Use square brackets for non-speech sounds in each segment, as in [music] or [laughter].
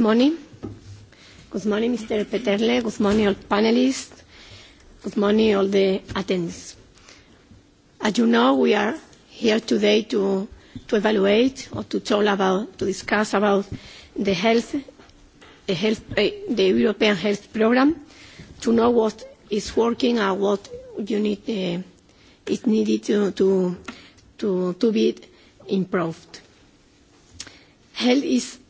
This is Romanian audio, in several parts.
Good morning. Good morning, Mr. Peterle. Good morning, all panelists. Good morning, all the attendees. As you know, we are here today to, to evaluate or to talk about, to discuss about the health, the, health, uh, the European Health Programme, to know what is working and what you need, uh, is needed to, to, to, to be improved. Health is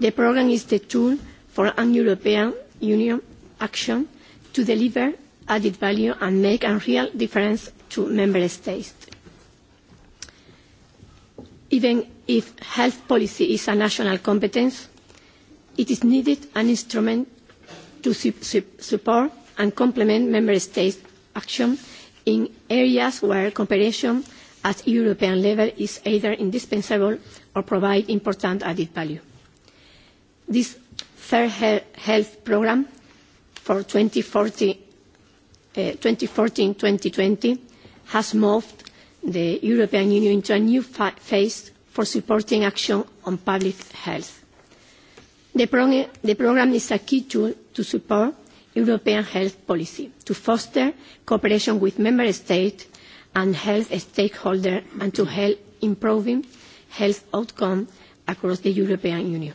The programme is the tool for an European Union action to deliver added value and make a real difference to member states. Even if health policy is a national competence, it is needed an instrument to su su support and complement member states' action in areas where cooperation at European level is either indispensable or provide important added value. This Fair Health Programme for 2014-2020 uh, has moved the European Union into a new phase for supporting action on public health. The, prog the programme is a key tool to support European health policy, to foster cooperation with member states and health stakeholders, and to help improving health outcomes across the European Union.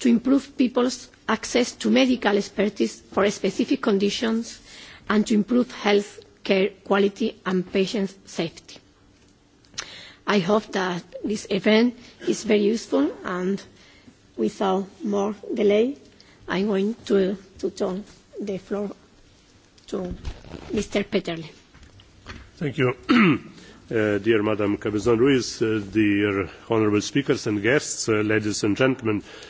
to improve people's access to medical expertise for specific conditions and to improve health care quality and patient safety. I hope that this event is very useful and without more delay, I'm going to, to turn the floor to Mr. Peterle. Thank you. [clears throat] uh, dear Madam Cabezon-Ruiz, uh, dear honourable speakers and guests, uh, ladies and gentlemen, uh,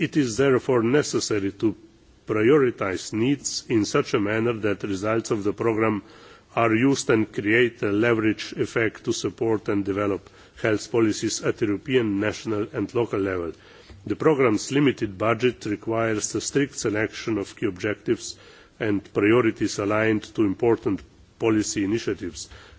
It is therefore necessary to prioritise needs in such a manner that results of the programme are used and create a leverage effect to support and develop health policies at European, national and local level. The programme's limited budget requires a strict selection of key objectives and priorities aligned to important policy initiatives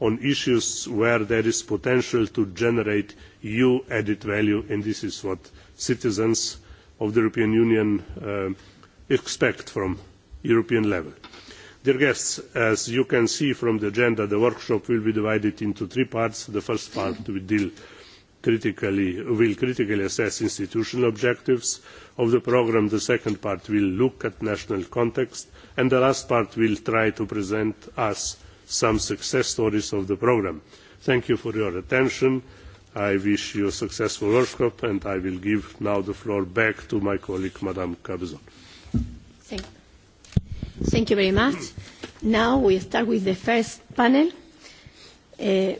on issues where there is potential to generate eu added value and this is what citizens of the european union uh, expect from european level. dear guests as you can see from the agenda the workshop will be divided into three parts. the first part will deal critically will critically assess institutional objectives of the programme the second part will look at national context and the last part will try to present us some success stories of the programme. Thank you for your attention. I wish you a successful workshop, and I will give now the floor back to my colleague, Madam Cabezon. Thank, Thank you very much. Now we start with the first panel. Uh,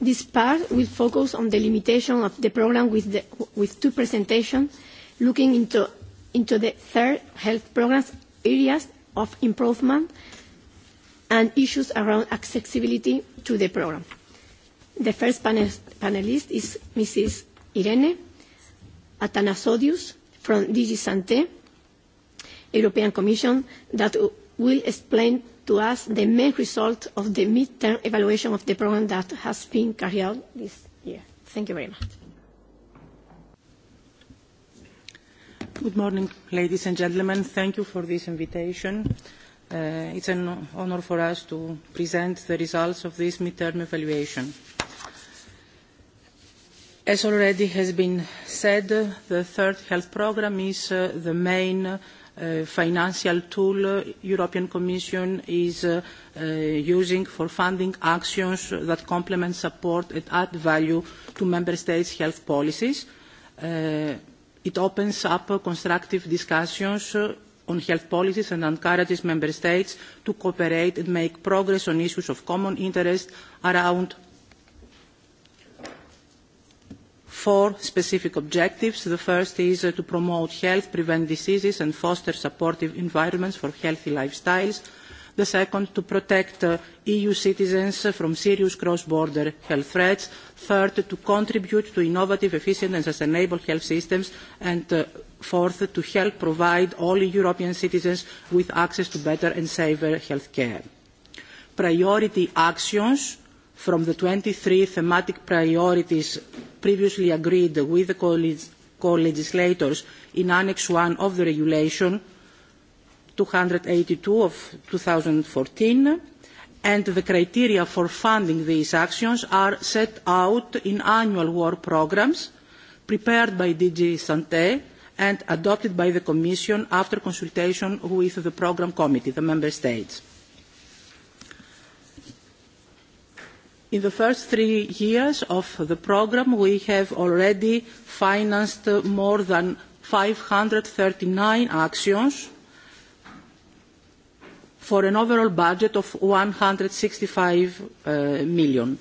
this part will focus on the limitation of the programme with, with two presentations looking into, into the third health programme areas of improvement and issues around accessibility to the programme. The first panelist is Mrs. Irene Atanasodius from DG Santé, European Commission, that will explain to us the main result of the mid-term evaluation of the programme that has been carried out this year. Thank you very much. Good morning, ladies and gentlemen. Thank you for this invitation uh, it's an honor for us to present the results of this midterm evaluation. As already has been said, the third health programme is uh, the main uh, financial tool European Commission is uh, uh, using for funding actions that complement support and add value to Member States' health policies. Uh, it opens up constructive discussions on health policies and encourages member states to cooperate and make progress on issues of common interest around four specific objectives. The first is uh, to promote health, prevent diseases and foster supportive environments for healthy lifestyles. The second, to protect uh, EU citizens from serious cross-border health threats. Third, to contribute to innovative, efficient and sustainable health systems and uh, forth to help provide all European citizens with access to better and safer health care. Priority actions from the 23 thematic priorities previously agreed with the co-legislators in Annex 1 of the Regulation 282 of 2014 and the criteria for funding these actions are set out in annual work programmes prepared by DG Santé and adopted by the Commission after consultation with the Programme Committee, the Member States. In the first three years of the programme, we have already financed more than 539 actions for an overall budget of 165 uh, million.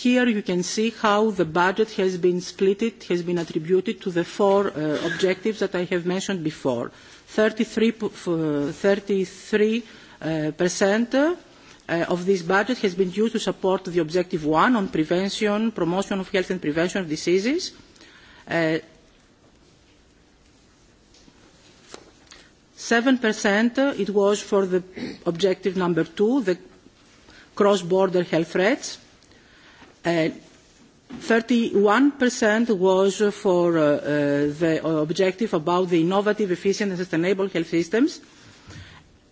Here you can see how the budget has been split, has been attributed to the four uh, objectives that I have mentioned before. 33, uh, 33 uh, of this budget has been used to support the objective one on prevention, promotion of health and prevention of diseases. Uh, 7% uh, it was for the objective number two, the cross-border health threats. 31% uh, was for uh, uh, the objective about the innovative, efficient and sustainable health systems.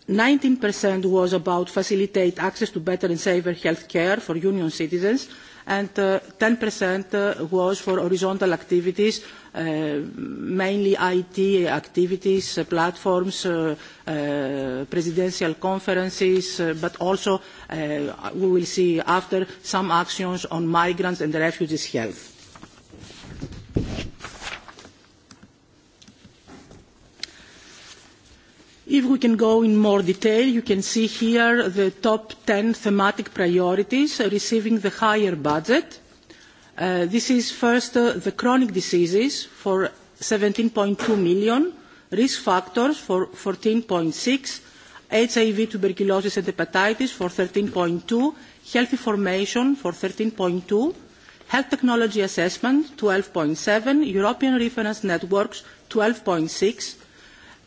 19% was about facilitate access to better and safer health care for union citizens and 10% was for horizontal activities Uh, mainly IT activities, uh, platforms, uh, presidential conferences, but also we will see after some actions on migrants and refugees' health. If we can go in more detail, you can see here the top 10 thematic priorities receiving the higher budget Uh, this is first uh, the chronic diseases for 17.2 million, risk factors for 14.6, HIV, tuberculosis and hepatitis for 13.2, healthy formation for 13.2, health technology assessment 12.7, European reference networks 12.6,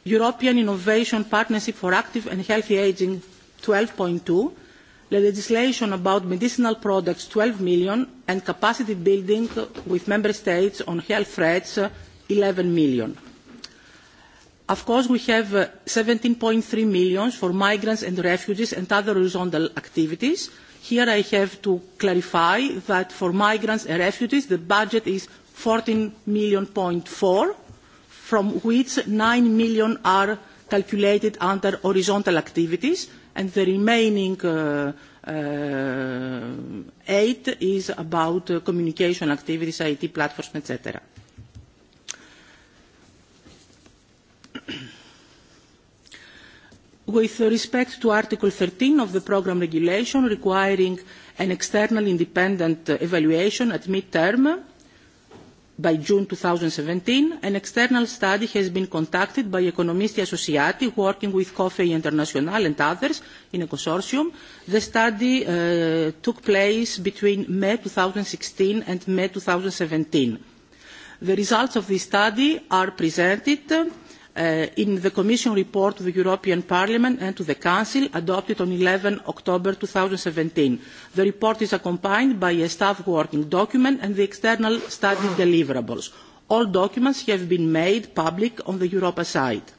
European Innovation Partnership for Active and Healthy Aging 12.2, the legislation about medicinal products 12 million and capacity building with member states on health threats 11 million. Of course, we have 17.3 uh, million for migrants and refugees and other horizontal activities. Here I have to clarify that for migrants and refugees, the budget is 14 million point four, from which 9 million are calculated under horizontal activities and the remaining uh, uh, eight is about uh, communication activities, IT platforms, etc. [clears throat] With respect to Article 13 of the Programme Regulation requiring an external independent evaluation at mid-term, by June 2017, an external study has been conducted by Economisti Associati working with COFEI International and others in a consortium. The study uh, took place between May 2016 and May 2017. The results of this study are presented Uh, in the Commission report to the European Parliament and to the Council adopted on 11 October 2017. The report is accompanied by a staff working document and the external study deliverables. All documents have been made public on the Europa site.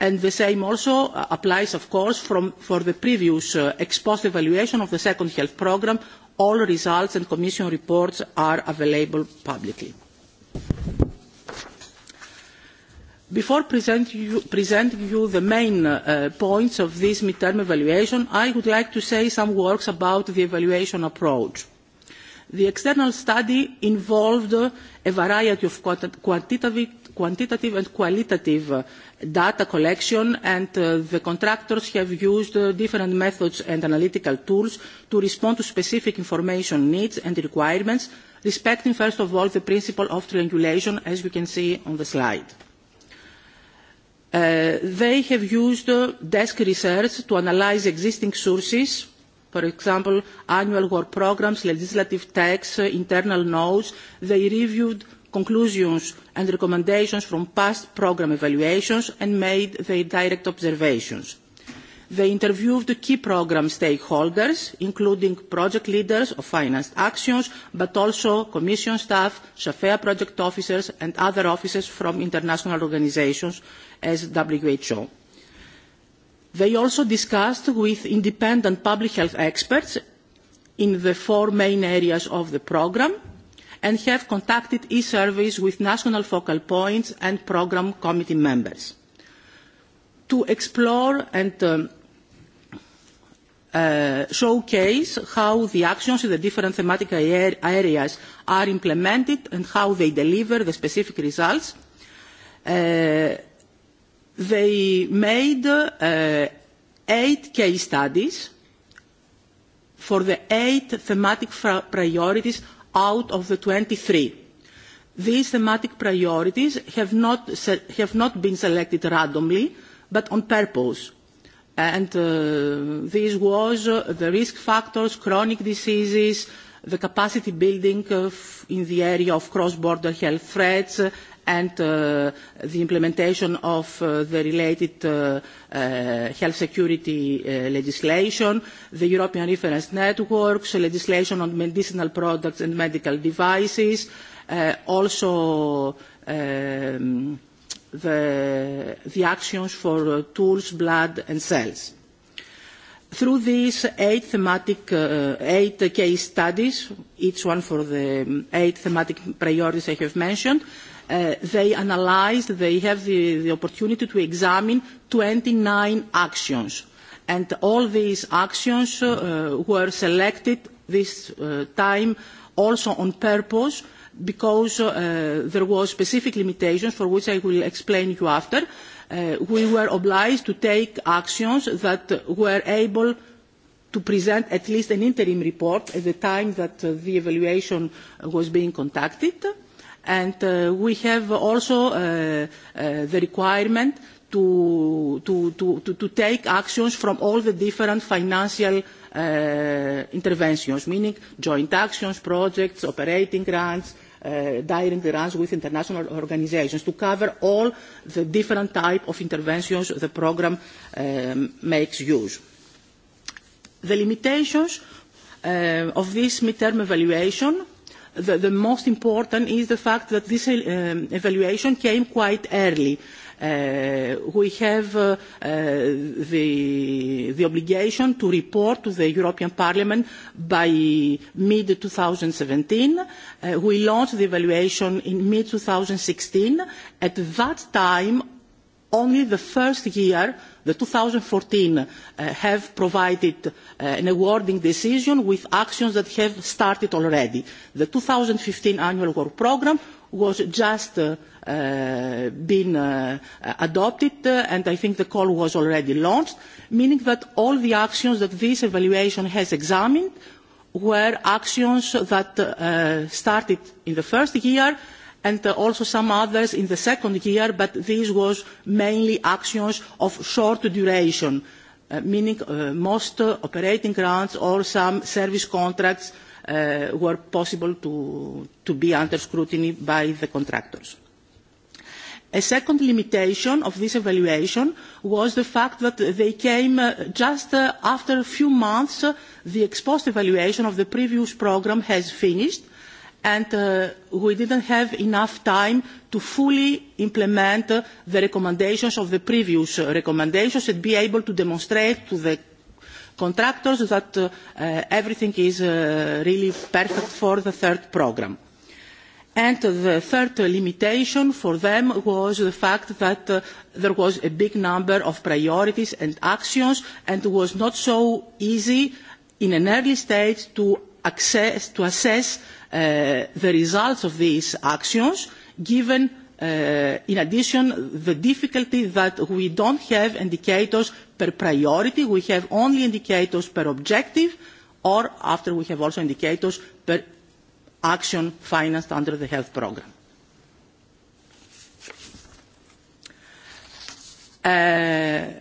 And the same also uh, applies, of course, from, for the previous uh, ex post evaluation of the second health programme. All results and Commission reports are available publicly. Before presenting you the main uh, points of this midterm evaluation, I would like to say some words about the evaluation approach. The external study involved a variety of quantitative, quantitative and qualitative uh, data collection and uh, the contractors have used different methods and analytical tools to respond to specific information needs and requirements, respecting first of all the principle of triangulation as you can see on the slide. Uh, they have used uh, desk research to analyse existing sources, for example, annual work programmes, legislative texts, uh, internal notes. They reviewed conclusions and recommendations from past programme evaluations and made their direct observations. They interviewed key programme stakeholders, including project leaders of financed actions, but also commission staff, SAFEA project officers and other officers from international organisations as WHO. They also discussed with independent public health experts in the four main areas of the programme and have contacted e service with national focal points and programme committee members to explore and um, uh, showcase how the actions in the different thematic areas are implemented and how they deliver the specific results. Uh, They made uh, eight case studies for the eight thematic priorities out of the 23. These thematic priorities have not, been selected randomly, but on purpose. And uh, this was uh, the risk factors, chronic diseases, the capacity building in the area of cross-border health threats, and uh, the implementation of uh, the related uh, uh health security uh, legislation, the European reference networks, legislation on medicinal products and medical devices, uh, also um, the, the actions for tools, blood and cells. Through these eight thematic, uh, eight case studies, each one for the eight thematic priorities I have mentioned, uh, they analyzed, they have the, the opportunity to examine 29 actions. And all these actions uh, were selected this uh, time also on purpose because uh, there was specific limitations for which I will explain you after Uh, we were obliged to take actions that were able to present at least an interim report at the time that uh, the evaluation was being conducted. And uh, we have also uh, uh, the requirement to, to, to, to, take actions from all the different financial interventions, meaning joint actions, projects, operating grants, uh, dire interactions with international organizations to cover all the different type of interventions the program um, makes use. The limitations uh, of this midterm evaluation the, the most important is the fact that this um, evaluation came quite early Uh, we have uh, uh, the, the obligation to report to the European Parliament by mid-2017. Uh, we launched the evaluation in mid-2016. At that time, only the first year, the 2014, uh, have provided uh, an awarding decision with actions that have started already. The 2015 annual work programme was just uh, Uh, been uh, adopted uh, and I think the call was already launched, meaning that all the actions that this evaluation has examined were actions that uh, started in the first year and also some others in the second year, but this was mainly actions of short duration, meaning most operating grants or some service contracts Uh, were possible to, to be under scrutiny by the contractors. A second limitation of this evaluation was the fact that they came uh, just uh, after a few months uh, the ex-post evaluation of the previous programme has finished and uh, we didn't have enough time to fully implement uh, the recommendations of the previous uh, recommendations and be able to demonstrate to the contractors that everything is really perfect for the third programme. And the third limitation for them was the fact that uh, there was a big number of priorities and actions and it was not so easy in an early stage to, access, to assess uh, the results of these actions given Uh, in addition, the difficulty that we don't have indicators per priority, we have only indicators per objective, or after we have also indicators per action financed under the health programme. Uh,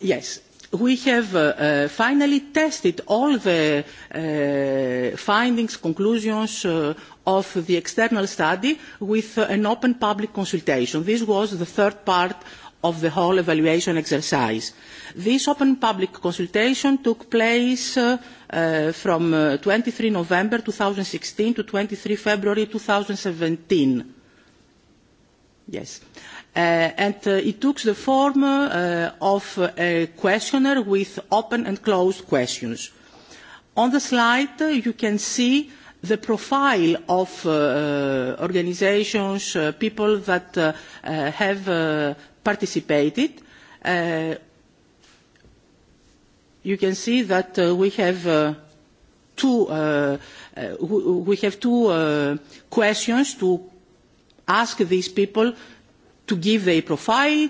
yes, we have uh, uh, finally tested all the uh, findings, conclusions uh, of the external study with uh, an open public consultation. This was the third part of the whole evaluation exercise. This open public consultation took place uh, uh, from uh, 23 November 2016 to 23 February 2017. Yes. Uh, and uh, it took the form uh, of uh, a questionnaire with open and closed questions. On the slide, uh, you can see the profile of uh, organizations, uh, people that uh, uh have uh, participated. Uh, you can see that uh, we have uh, two, uh, uh, we have two uh, questions to ask these people to give their profile.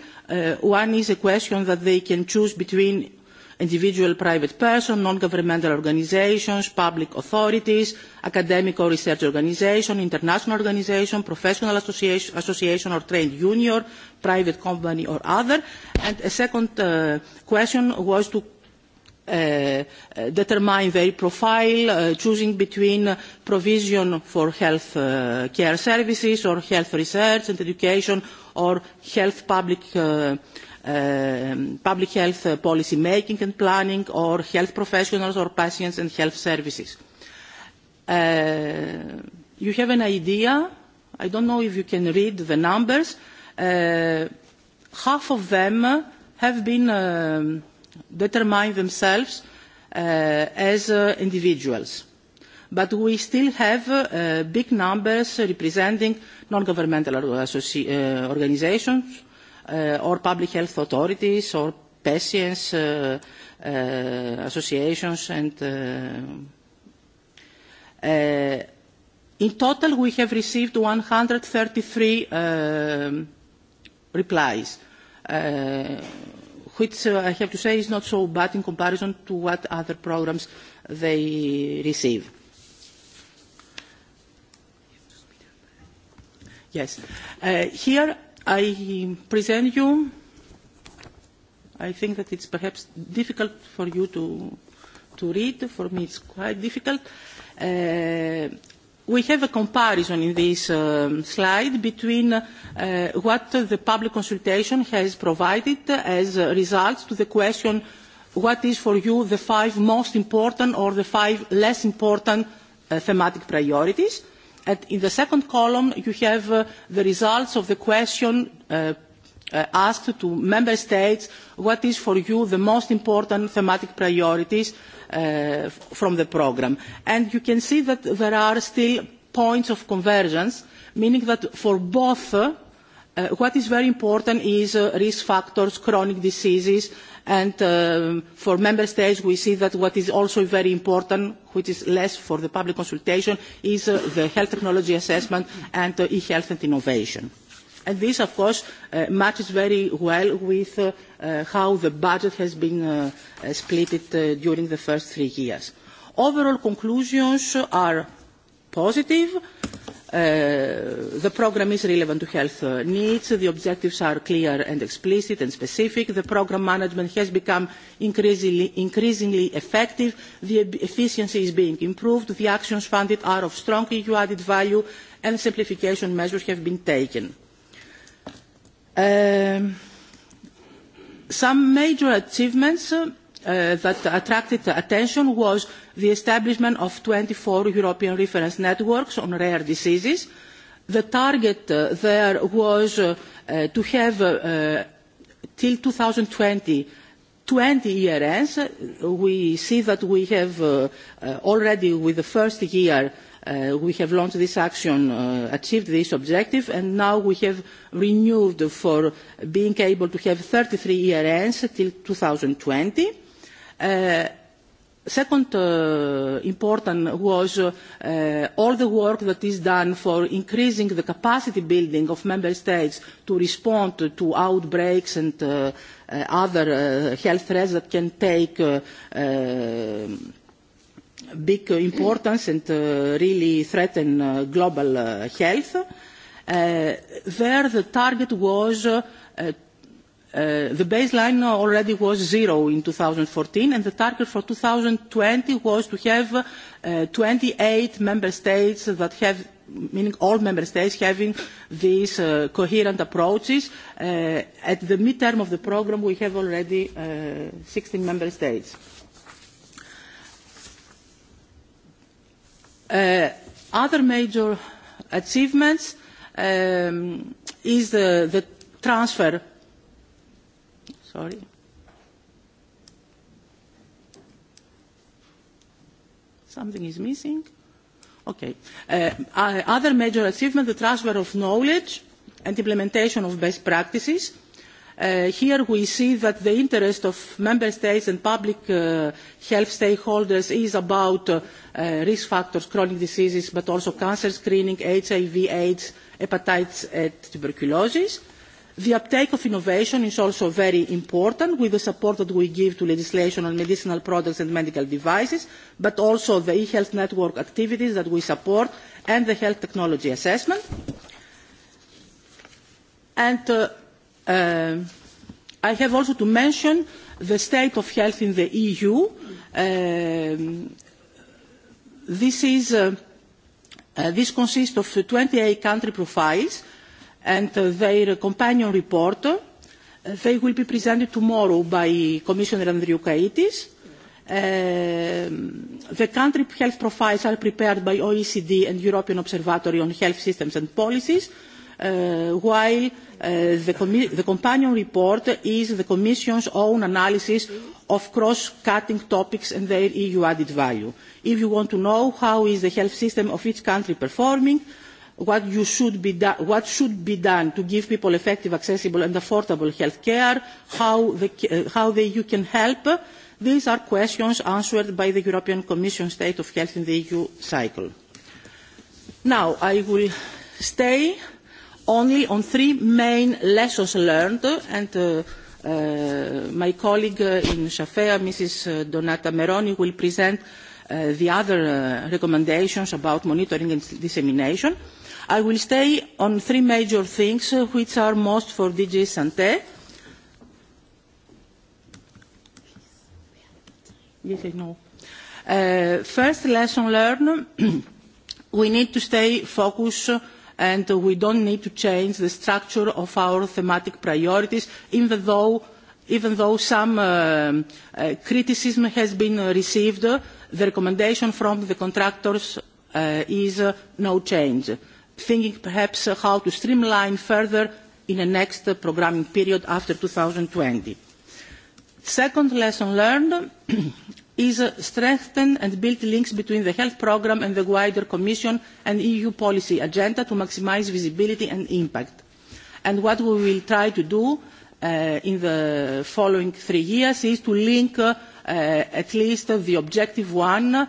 one is a question that they can choose between individual private persons, non-governmental organizations, public authorities, academic or research organization, international organization, professional association, association or trade union, private company or other. And a second uh, question was to Uh, uh determine their profile, uh, choosing between uh, provision for health uh, care services or health research and education or health public uh, Um, public health uh, policy making and planning or health professionals or patients and health services. Uh, you have an idea, I don't know if you can read the numbers, uh, half of them have been um, determined themselves uh, as uh, individuals. But we still have uh, big numbers representing non-governmental uh, organisations. Uh, organizations, uh, or public health authorities or patients uh, uh, associations and uh, uh, in total we have received 133 uh, um, replies uh, which uh, I have to say is not so bad in comparison to what other programs they receive. Yes. Uh, here I present you, I think that it's perhaps difficult for you to, to read, for me it's quite difficult. Uh, we have a comparison in this um, slide between uh, what the public consultation has provided as results to the question what is for you the five most important or the five less important uh, thematic priorities. Uh, At, in the second column, you have uh, the results of the question uh, uh, asked to member states, what is for you the most important thematic priorities uh, from the programme. And you can see that there are still points of convergence, meaning that for both, uh, uh, what is very important is risk factors, chronic diseases, And uh, for member states, we see that what is also very important, which is less for the public consultation, is uh, the health technology assessment and uh, e-health and innovation. And this, of course, uh, matches very well with uh, uh, how the budget has been uh, uh, split uh, during the first three years. Overall conclusions are positive. Uh, the programme is relevant to health needs. The objectives are clear and explicit and specific. The programme management has become increasingly, increasingly effective. The efficiency is being improved. The actions funded are of strong EU added value and simplification measures have been taken. Um, some major achievements uh, uh, that attracted attention was the establishment of 24 European reference networks on rare diseases. The target uh, there was uh, uh, to have, uh, uh, till 2020, 20 year ends. We see that we have uh, uh, already, with the first year, uh, we have launched this action, uh, achieved this objective, and now we have renewed for being able to have 33 year ends till 2020 Eh, second uh, important was uh, all the work that is done for increasing the capacity building of member states to respond to outbreaks and uh, other health threats that can take big importance and really threaten global health. there the target was Uh, the baseline already was zero in 2014, and the target for 2020 was to have uh, 28 member states that have, meaning all member states having these uh, coherent approaches. Uh, at the midterm of the program, we have already 16 uh, member states. other major achievements um, is the, the transfer Sorry. Something is missing. Okay. Uh, uh, other major achievement, the transfer of knowledge and implementation of best practices. Uh, here we see that the interest of member states and public uh, health stakeholders is about uh, uh risk factors, chronic diseases, but also cancer screening, HIV, AIDS, hepatitis and tuberculosis. The uptake of innovation is also very important with the support that we give to legislation on medicinal products and medical devices, but also the e-health network activities that we support and the health technology assessment. And uh, uh, I have also to mention the state of health in the EU. Um, this, is, uh, uh, this consists of 28 country profiles and their companion report uh, they will be presented tomorrow by Commissioner Andriukaitis. Um, the country health profiles are prepared by OECD and European Observatory on Health Systems and Policies, uh, while uh, the, the, companion report is the Commission's own analysis of cross-cutting topics and their EU added value. If you want to know how is the health system of each country performing, what, you should be da-, what should be done to give people effective, accessible and affordable health care, how the, uh, how the EU can help. These are questions answered by the European Commission State of Health in the EU cycle. Now, I will stay only on three main lessons learned and uh, uh, my colleague uh, in Shafea, Mrs. Uh, Donata Meroni, will present uh, the other uh, recommendations about monitoring and dissemination. I will stay on three major things uh, which are most for DG Sante. Yes, I know. Uh, first lesson learned, [clears throat] we need to stay focused and we don't need to change the structure of our thematic priorities, even though, even though some uh, uh, criticism has been received, the recommendation from the contractors uh, is uh, no change thinking perhaps uh, how to streamline further in the next uh, programming period after 2020. Second lesson learned [clears throat] is uh, strengthen and build links between the health program and the wider Commission and EU policy agenda to maximise visibility and impact. And what we will try to do uh, in the following three years is to link uh, at least the objective one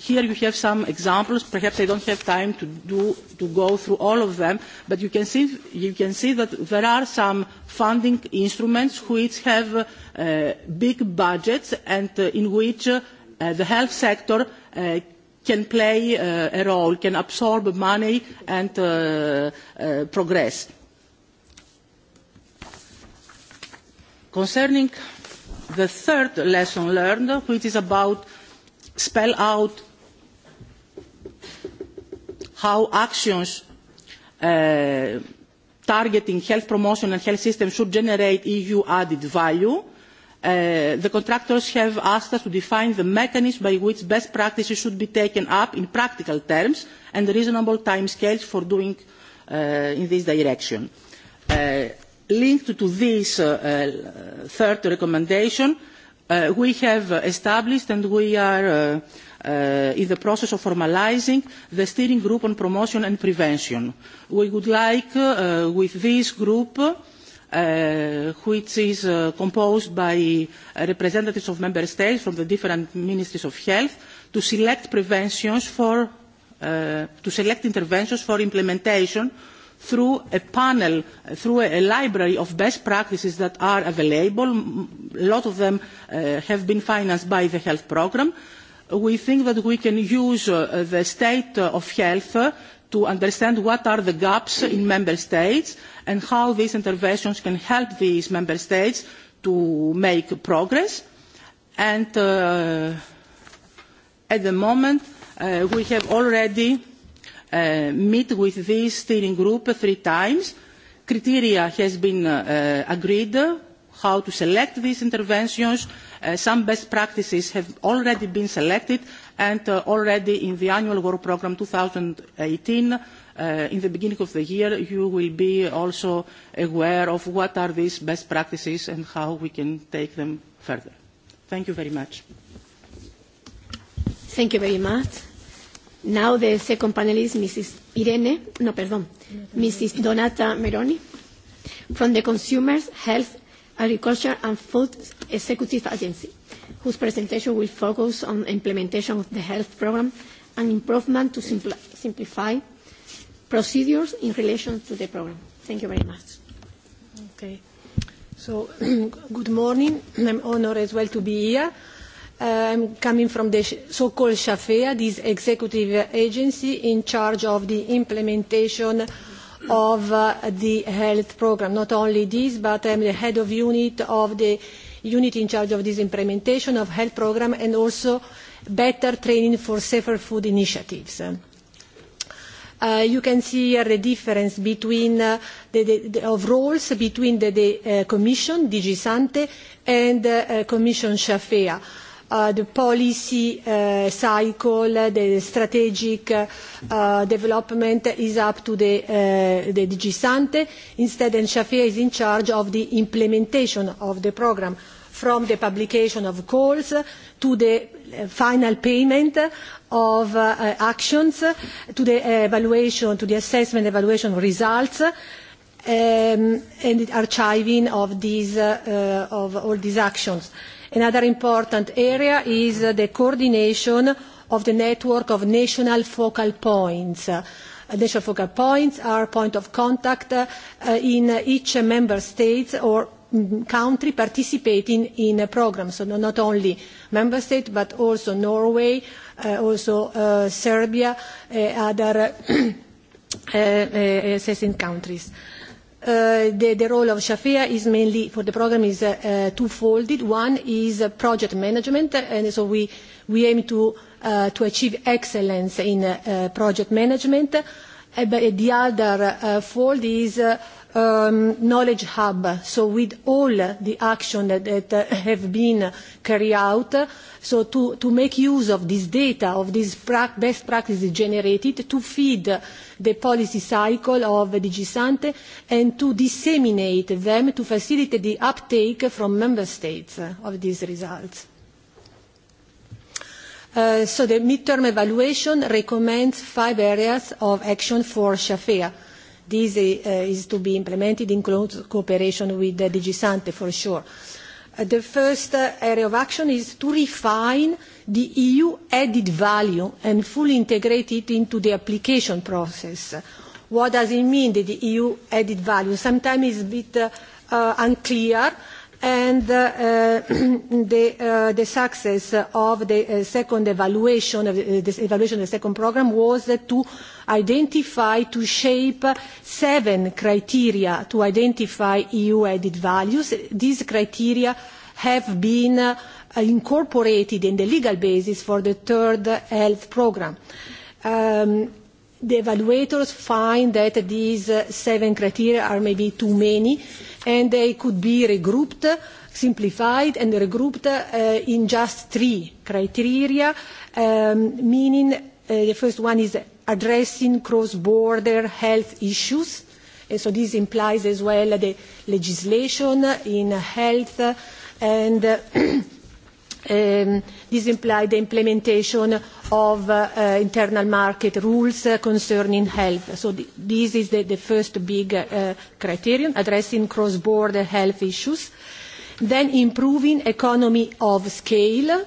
Here you have some examples. Perhaps I don't have time to, do, to go through all of them, but you can, see, you can see that there are some funding instruments which have uh, big budgets and uh, in which uh, the health sector uh, can play uh, a role, can absorb money and uh, uh, progress. Concerning the third lesson learned, which is about spell out how actions uh, targeting health promotion and health systems should generate EU added value, Uh, the contractors have asked us to define the mechanism by which best practices should be taken up in practical terms and reasonable timescales for doing uh, in this direction. Uh, linked to this uh, uh, third recommendation, uh, we have established and we are uh, in the process of formalizing the steering group on promotion and prevention. We would like, uh, with this group, uh, which is uh, composed by uh, representatives of member states from the different ministries of health, to select preventions for, uh, to select interventions for implementation through a panel, through a library of best practices that are available. A lot of them uh, have been financed by the health programme we think that we can use uh, the state uh, of health uh, to understand what are the gaps in member states and how these interventions can help these member states to make progress. And uh, at the moment, uh, we have already uh, met with this steering group three times. Criteria has been uh, agreed uh, how to select these interventions, uh, Uh, some best practices have already been selected and uh, already in the annual work programme 2018, uh, in the beginning of the year, you will be also aware of what are these best practices and how we can take them further. Thank you very much. Thank you very much. Now the second panelist, Mrs. Irene, no, perdón, Mrs. Donata Meroni from the Consumers Health Agriculture and Food Executive Agency, whose presentation will focus on implementation of the health programme and improvement to simplify procedures in relation to the programme. Thank you very much. Okay. So, [clears throat] good morning. I'm honored as well to be here. Uh, I'm coming from the so-called SHAFEA, this executive agency in charge of the implementation of uh, the health program. Not only this, but I'm the head of unit of the unit in charge of this implementation of health program and also better training for safer food initiatives. Uh, you can see here the difference between uh, the, the, the, of roles between the, the uh, Commission, DG Sante, and uh, uh Commission Shafea Uh, the policy uh, cycle, uh, the strategic uh, uh, development is up to the, uh, the DG Sante. Instead, Enshafia is in charge of the implementation of the programme from the publication of calls to the final payment of uh, actions, to the evaluation, to the assessment evaluation of results, um, and the archiving of, these, uh, of all these actions. Uh, Another important area is the coordination of the network of national focal points. Uh, national focal points are point of contact uh, in each member state or mm, country participating in a programme. So not only member states, but also Norway, uh, also uh, Serbia, uh, other [coughs] uh, assessing countries. Uh, the, role of Shafia is mainly for the program is uh, uh twofolded. One is uh, project management, uh, and so we we aim to uh, to achieve excellence in uh, project management. Uh, but the other uh, fold is. Uh, um, knowledge hub, so with all the action that, that uh, have been carried out, so to, to make use of this data, of these pra best practices generated to feed the policy cycle of DigiSante and to disseminate them to facilitate the uptake from member states of these results. Uh, so the midterm evaluation recommends five areas of action for Shafea This uh, is to be implemented in close cooperation with the DG Sante for sure. Uh, the first uh, area of action is to refine the EU added value and fully integrate it into the application process. What does it mean, the EU added value? Sometimes it's a bit uh, unclear and uh, uh [clears throat] the, uh, the success of the uh, second evaluation of uh, the, evaluation of the second program was to identify to shape seven criteria to identify EU added values these criteria have been uh, incorporated in the legal basis for the third health program um, the evaluators find that these uh, seven criteria are maybe too many and they could be regrouped, simplified and regrouped uh, in just three criteria, um, meaning uh, the first one is addressing cross-border health issues. And so this implies as well the legislation in health and uh, [clears throat] Um, ehm, this implies the implementation of uh, uh, internal market rules uh, concerning health. So th this is the, the first big uh, criterion, addressing cross-border health issues. Then improving economy of scale.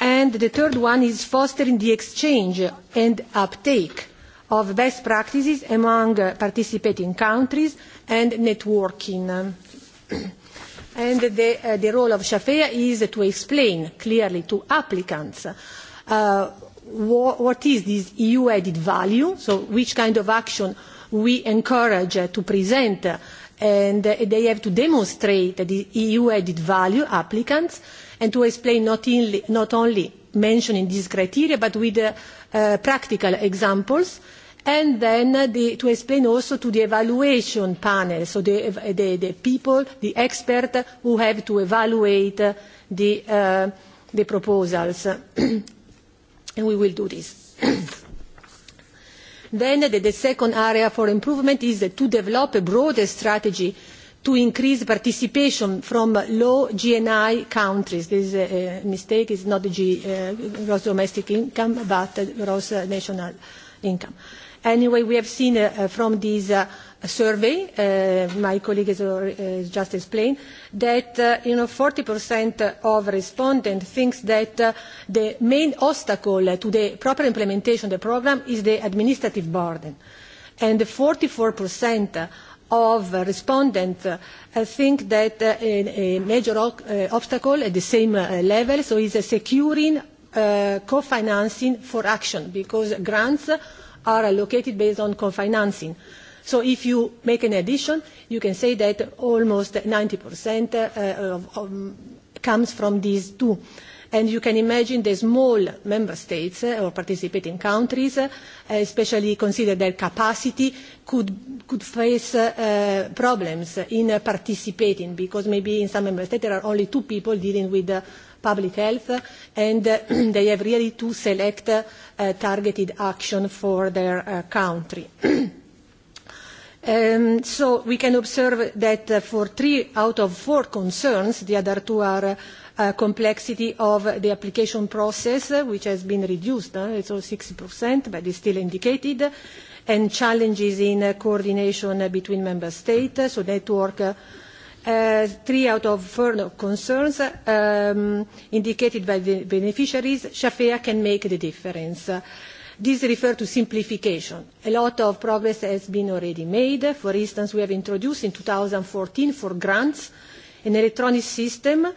And the third one is fostering the exchange and uptake of best practices among participating countries and networking. [clears throat] and the, uh, the role of Shafea is to explain clearly to applicants uh, what, what is this EU added value, so which kind of action we encourage to present and uh, they have to demonstrate the EU added value applicants and to explain not, in, not only mentioning these criteria but with uh, uh, practical examples and then the, to explain also to the evaluation panel, so the, the, the people, the experts who have to evaluate the, uh, the proposals. [clears throat] and we will do this. [clears throat] then the, the second area for improvement is to develop a broader strategy to increase participation from low GNI countries. This is a, a mistake, it's not the G, uh, gross domestic income, but uh, gross uh, national income. Anyway, we have seen uh, uh, from this uh, survey, uh, my colleague has uh, just explained, that uh, you know 40% of respondents thinks that uh, the main obstacle to the proper implementation of the program is the administrative burden. And 44% of respondents uh, think that uh, a, a major uh, obstacle at the same uh, level so is securing uh, co-financing for action because grants are allocated based on co-financing. So if you make an addition, you can say that almost 90% uh, um, comes from these two. And you can imagine the small member states uh, or participating countries, uh, especially consider their capacity, could, could face uh, uh problems in participating because maybe in some member states there are only two people dealing with uh, public health, and [clears throat] they have really to select uh, targeted action for their uh, country. [clears throat] Um, so we can observe that uh, for three out of four concerns, the other two are uh, complexity of the application process, uh, which has been reduced, uh, it's all 60%, but is still indicated, and challenges in uh, coordination between member states, so network Uh, three out of four concerns um, indicated by the beneficiaries, Shafea can make the difference. This refers to simplification. A lot of progress has been already made. For instance, we have introduced in 2014 for grants an electronic system, um,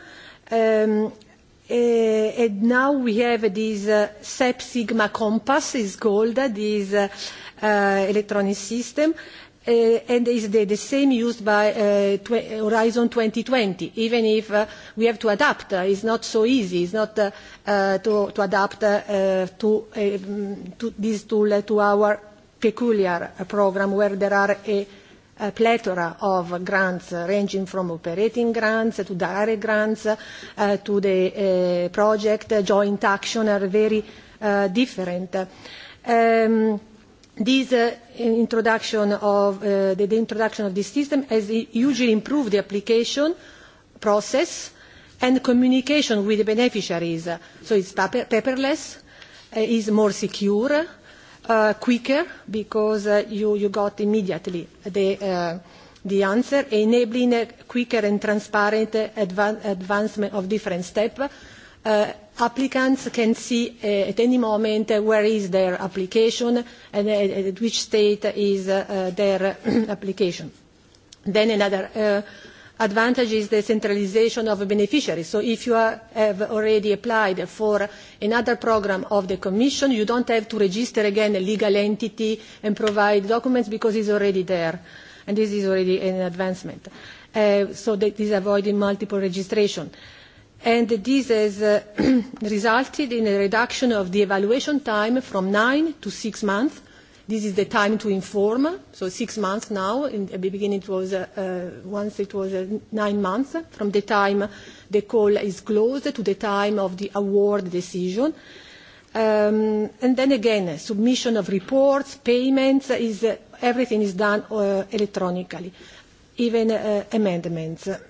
uh, and now we have this uh, SEP Sigma Compass is called, this uh, uh, electronic system, Uh, and is the, the same used by uh, tw Horizon 2020, even if uh, we have to adapt. Uh, it's not so easy. It's not uh, uh, to, to adapt uh, to, uh, to this tool uh, to our peculiar uh, program where there are a, a plethora of grants uh, ranging from operating grants to direct grants uh, to the uh, project uh, joint action are very uh, different. Um, This uh, introduction of, uh, the, the, introduction of this system has hugely improved the application process and communication with the beneficiaries. So it's paper paperless, uh, is more secure, uh, quicker, because uh, you, you got immediately the, uh, the answer, enabling a quicker and transparent advancement of different steps, uh, applicants can see uh, at any moment uh, where is their application and uh, at which state is uh, their uh, [clears throat] application. Then another uh, advantage is the centralisation of beneficiaries. So if you are, have already applied for another programme of the Commission, you don't have to register again a legal entity and provide documents because it's already there. And this is already an advancement. so that is avoiding multiple registration. Uh, and this has uh, [clears throat] resulted in a reduction of the evaluation time from nine to six months. This is the time to inform, so six months now. In the beginning, it was uh, uh, once it was uh, nine months from the time the call is closed to the time of the award decision. Um, and then again, submission of reports, payments, is, uh, everything is done uh, electronically, even uh, amendments. [clears throat]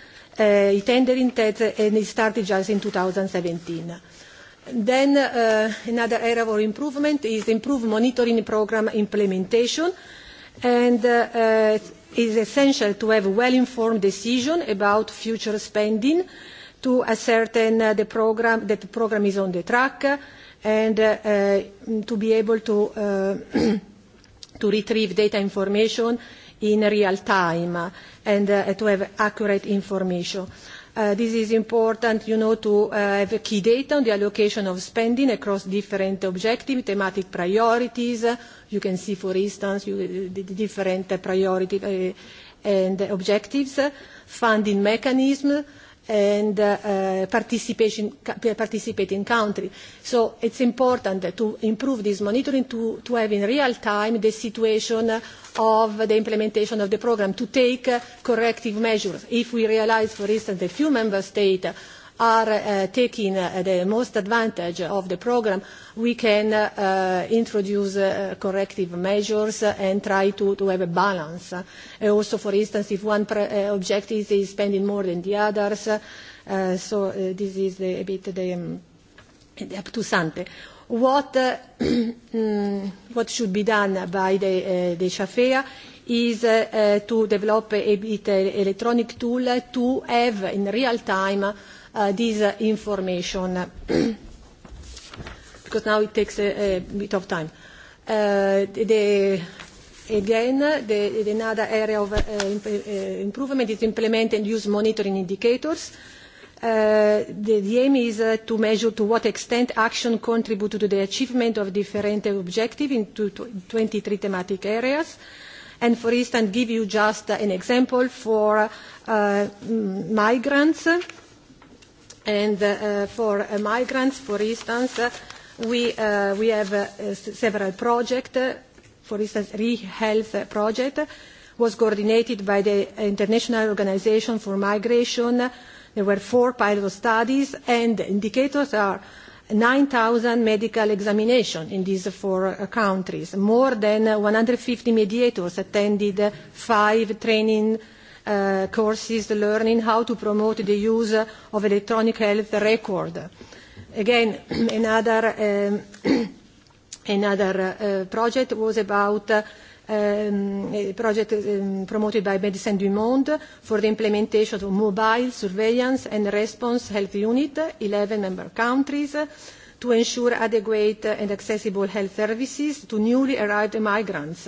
uh, eh, the tendering test, and eh, it started just in 2017. Then uh, eh, another area for improvement is improved monitoring program implementation, and uh, uh, is essential to have well-informed decision about future spending to ascertain uh, the program, that the program is on the track and uh, uh, to be able to, uh, [clears throat] to retrieve data information in real time and uh, to have accurate information. Uh, this is important, you know, to uh, have key data on the allocation of spending across different objectives, thematic priorities. You can see, for instance, you, uh, the different priorities uh, and objectives, funding mechanisms, and uh, uh participation, participating country. So it's important to improve this monitoring to, to have in real time the situation of the implementation of the program, to take corrective measures. If we realize, for instance, a few member states are uh, taking uh, the most advantage of the program, we can uh, introduce corrective measures and try to, have a balance. also, for instance, if one objective is spending more than the others, so this is a bit um, the up to Sante. [clears throat] Mm, what, should be done by the, uh, is to develop a bit electronic tool to have in real time Uh, this uh, information [clears throat] because now it takes a, a bit of time. Uh, the, again, the, the another area of uh, imp uh, improvement is implement and use monitoring indicators. Uh, the, the aim is uh, to measure to what extent action contributes to the achievement of different objectives in two, two, 23 thematic areas. And for instance, give you just an example for uh, migrants. Uh, And uh, for uh, migrants, for instance, uh, we, uh, we have uh, several projects. Uh, for instance, ReHealth project was coordinated by the International Organization for Migration. There were four pilot studies, and the indicators are 9,000 medical examinations in these four uh, countries. More than 150 mediators attended five training uh, courses learning how to promote the use of electronic health record. Again, [clears throat] another, um, [clears throat] another uh, project was about uh, um, a project um, promoted by Médecins du Monde for the implementation of mobile surveillance and response health unit, 11 member countries, to ensure adequate and accessible health services to newly arrived migrants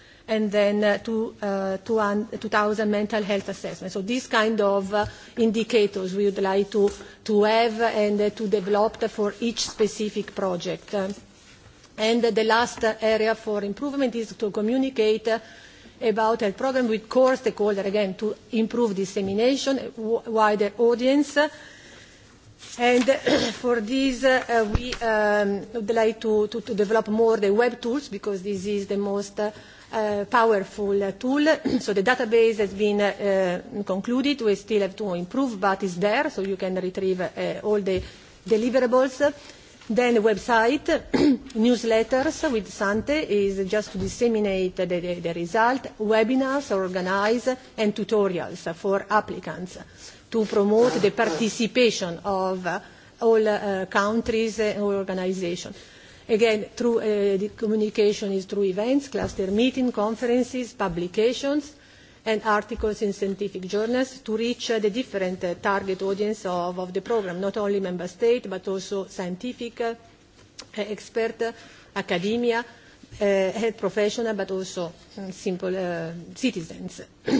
and then uh, to, uh, 2000 mental health assessments. So these kind of uh, indicators we would like to, to have and uh, to develop for each specific project. Uh, and the last area for improvement is to communicate about a program with core stakeholders, again, to improve dissemination, wider audience, And [coughs] for this, uh, we um, would like to, to, to develop more the web tools because this is the most uh, uh, powerful tool. [clears throat] so the database has been uh, concluded. We still have to improve, but it's there, so you can retrieve uh, all the deliverables. Then the website, [clears throat] newsletters with Sante is just to disseminate the, the, the result, webinars are organized, and tutorials for applicants to promote the participation of all uh, countries and organizations again, through uh, the communication is through events, cluster meetings, conferences, publications, and articles in scientific journals to reach uh, the different uh, target audience of, of the program, not only member state, but also scientific uh, expert, uh, academia, uh, health professional, but also um, simple uh, citizens. [clears throat]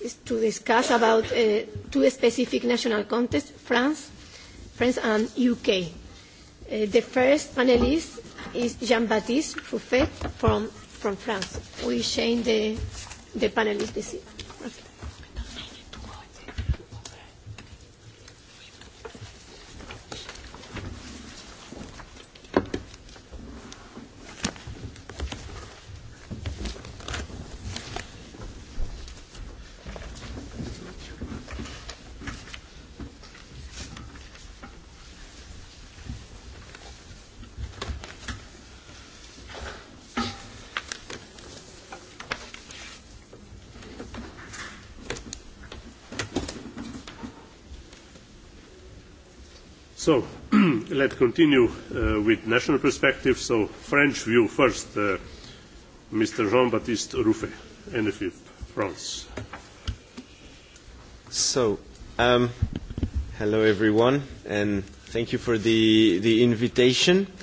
is to discuss about uh, two specific national contests, France, France and UK. Uh, the first panelist is Jean-Baptiste Fouffet from, from France. We change the, the panelist this evening. So us [clears throat] continue uh, with national perspectives. So French view first. Uh, Mr. Jean-Baptiste Ruffet, NFIP, France. So, um, hello everyone, and thank you for the, the invitation. Uh,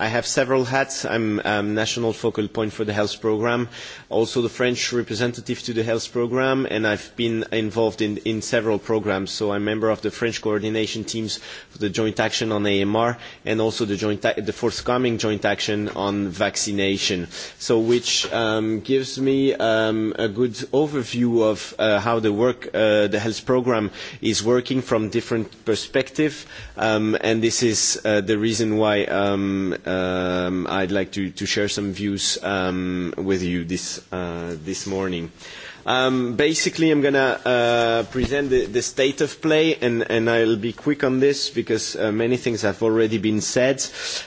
I have several hats. I'm um, national focal point for the health program, also the French representative to the health program, and I've been involved in, in several programs. So I'm member of the French coordination teams for the joint action on AMR and also the, joint the forthcoming joint action on vaccination. So which um, gives me um, a good overview of uh, how the work, uh, the health program is working from different perspectives, um, and this is uh, the reason why um, um, I'd like to, to share some views um, with you this, uh, this morning. Uh, Um, basically, I'm going to uh, present the, the, state of play, and, and, I'll be quick on this because uh, many things have already been said.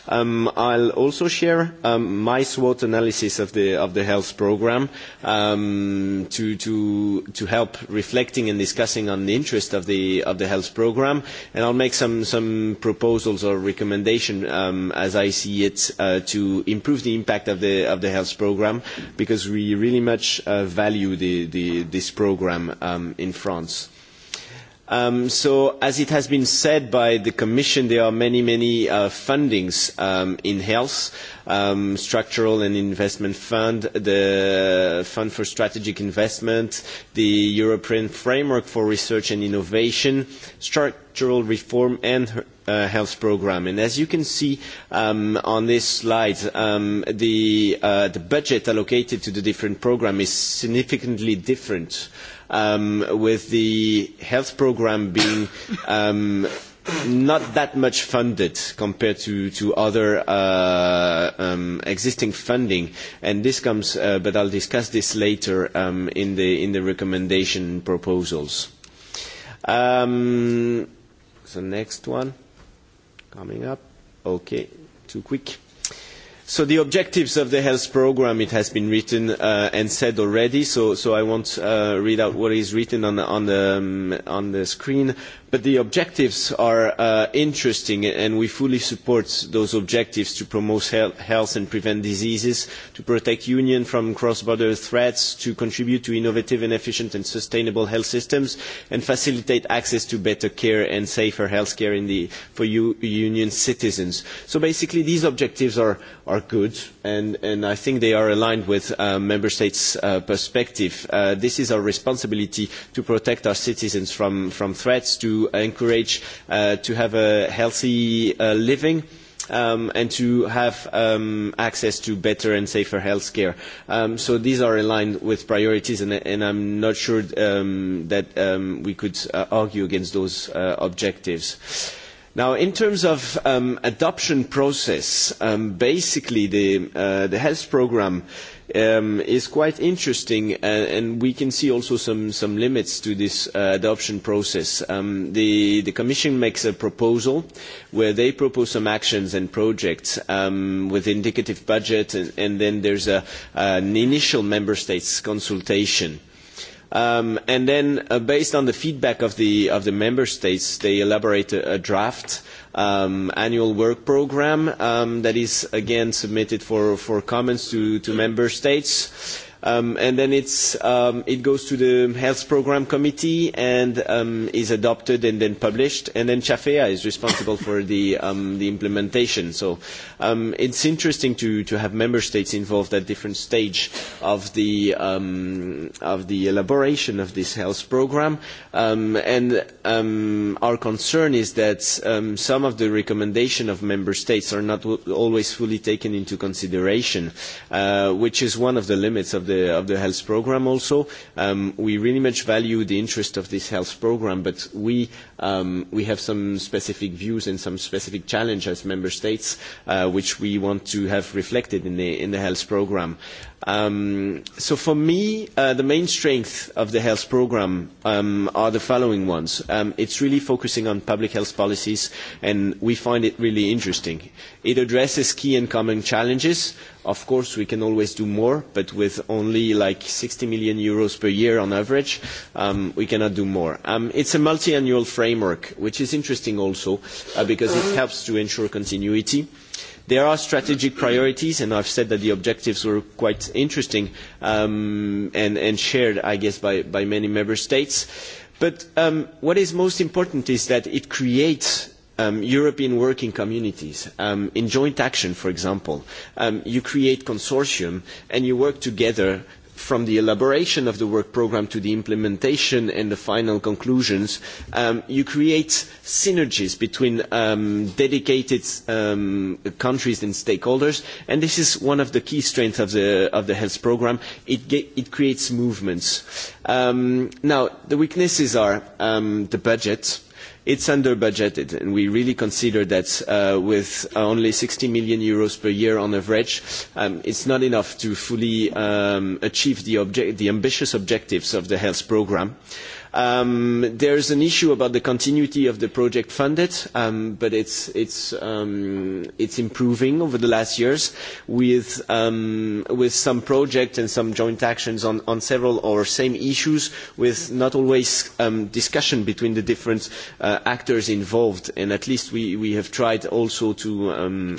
Um, I'll also share um, my SWOT analysis of the, of the health programme um, to, to, to, help reflecting and discussing on the interest of the, of the health programme, and I'll make some, some proposals or recommendations um, as I see it uh, to improve the impact of the, of the health programme because we really much uh, value the the, this program um, in France. Um, so, as it has been said by the Commission, there are many, many uh, fundings um, in health, um, structural and investment fund, the fund for strategic investment, the European framework for research and innovation, structural reform and uh, health program. And as you can see um, on this slide, um, the, uh, the budget allocated to the different program is significantly different, um, with the health program being um, not that much funded compared to, to other uh, um, existing funding. And this comes, uh, but I'll discuss this later um, in, the, in the recommendation proposals. Um, the next one coming up. Okay, too quick. So the objectives of the health programme, it has been written uh, and said already, so, so I won't uh, read out what is written on the, on the, um, on the screen but the objectives are uh, interesting and we fully support those objectives to promote health and prevent diseases, to protect union from cross-border threats, to contribute to innovative and efficient and sustainable health systems, and facilitate access to better care and safer health care for U union citizens. So basically these objectives are, are good and, and I think they are aligned with uh, Member States' uh, perspective. Uh, this is our responsibility to protect our citizens from, from threats, to to encourage uh, to have a healthy uh, living. Um, and to have um, access to better and safer health care. Um, so these are aligned with priorities, and, and I'm not sure um, that um, we could uh, argue against those uh, objectives. Now, in terms of um, adoption process, basically the, uh, the health programme um, is quite interesting, uh, and we can see also some, some limits to this uh, adoption process. Um, the, the, Commission makes a proposal where they propose some actions and projects um, with indicative budget, and, and then there's a, an initial member states consultation Um, and then, uh, based on the feedback of the of the member states, they elaborate a, a draft um, annual work program um, that is again submitted for for comments to to member states. Um, and then um, it goes to the health program committee and um, is adopted and then published. And then CHAFEA is responsible for the, um, the implementation. So um, it's interesting to, to have member states involved at different stage of the, um, of the elaboration of this health program. and our concern is that some of the recommendations of member states are not always fully taken into consideration, uh, which is one of the limits of the the, of the health program also. Um, we really much value the interest of this health program, but we, um, we have some specific views and some specific challenges as member states, uh, which we want to have reflected in the, in the health program. Um, so for me, uh, the main strength of the health programme um, are the following ones. Um, it's really focusing on public health policies, and we find it really interesting. It addresses key and common challenges Of course, we can always do more, but with only like 60 million euros per year on average, um, we cannot do more. Um, it's a multi-annual framework, which is interesting also uh, because it helps to ensure continuity. There are strategic priorities, and I've said that the objectives were quite interesting um, and, and, shared, I guess, by, by many member states. But um, what is most important is that it creates Um, European working communities um, in joint action, for example. Um, you create consortium and you work together from the elaboration of the work programme to the implementation and the final conclusions, um, you create synergies between um, dedicated um, countries and stakeholders, and this is one of the key strengths of the, of the health programme. It, it, creates movements. Um, now, the weaknesses are um, the budget it's under budgeted and we really consider that uh, with only 60 million euros per year on average um, it's not enough to fully um, achieve the, the ambitious objectives of the health programme. Um, there is an issue about the continuity of the project funded, um, but it's, it's, um, it's improving over the last years with, um, with some projects and some joint actions on, on several or same issues with not always um, discussion between the different uh, actors involved. And at least we, we have tried also to um,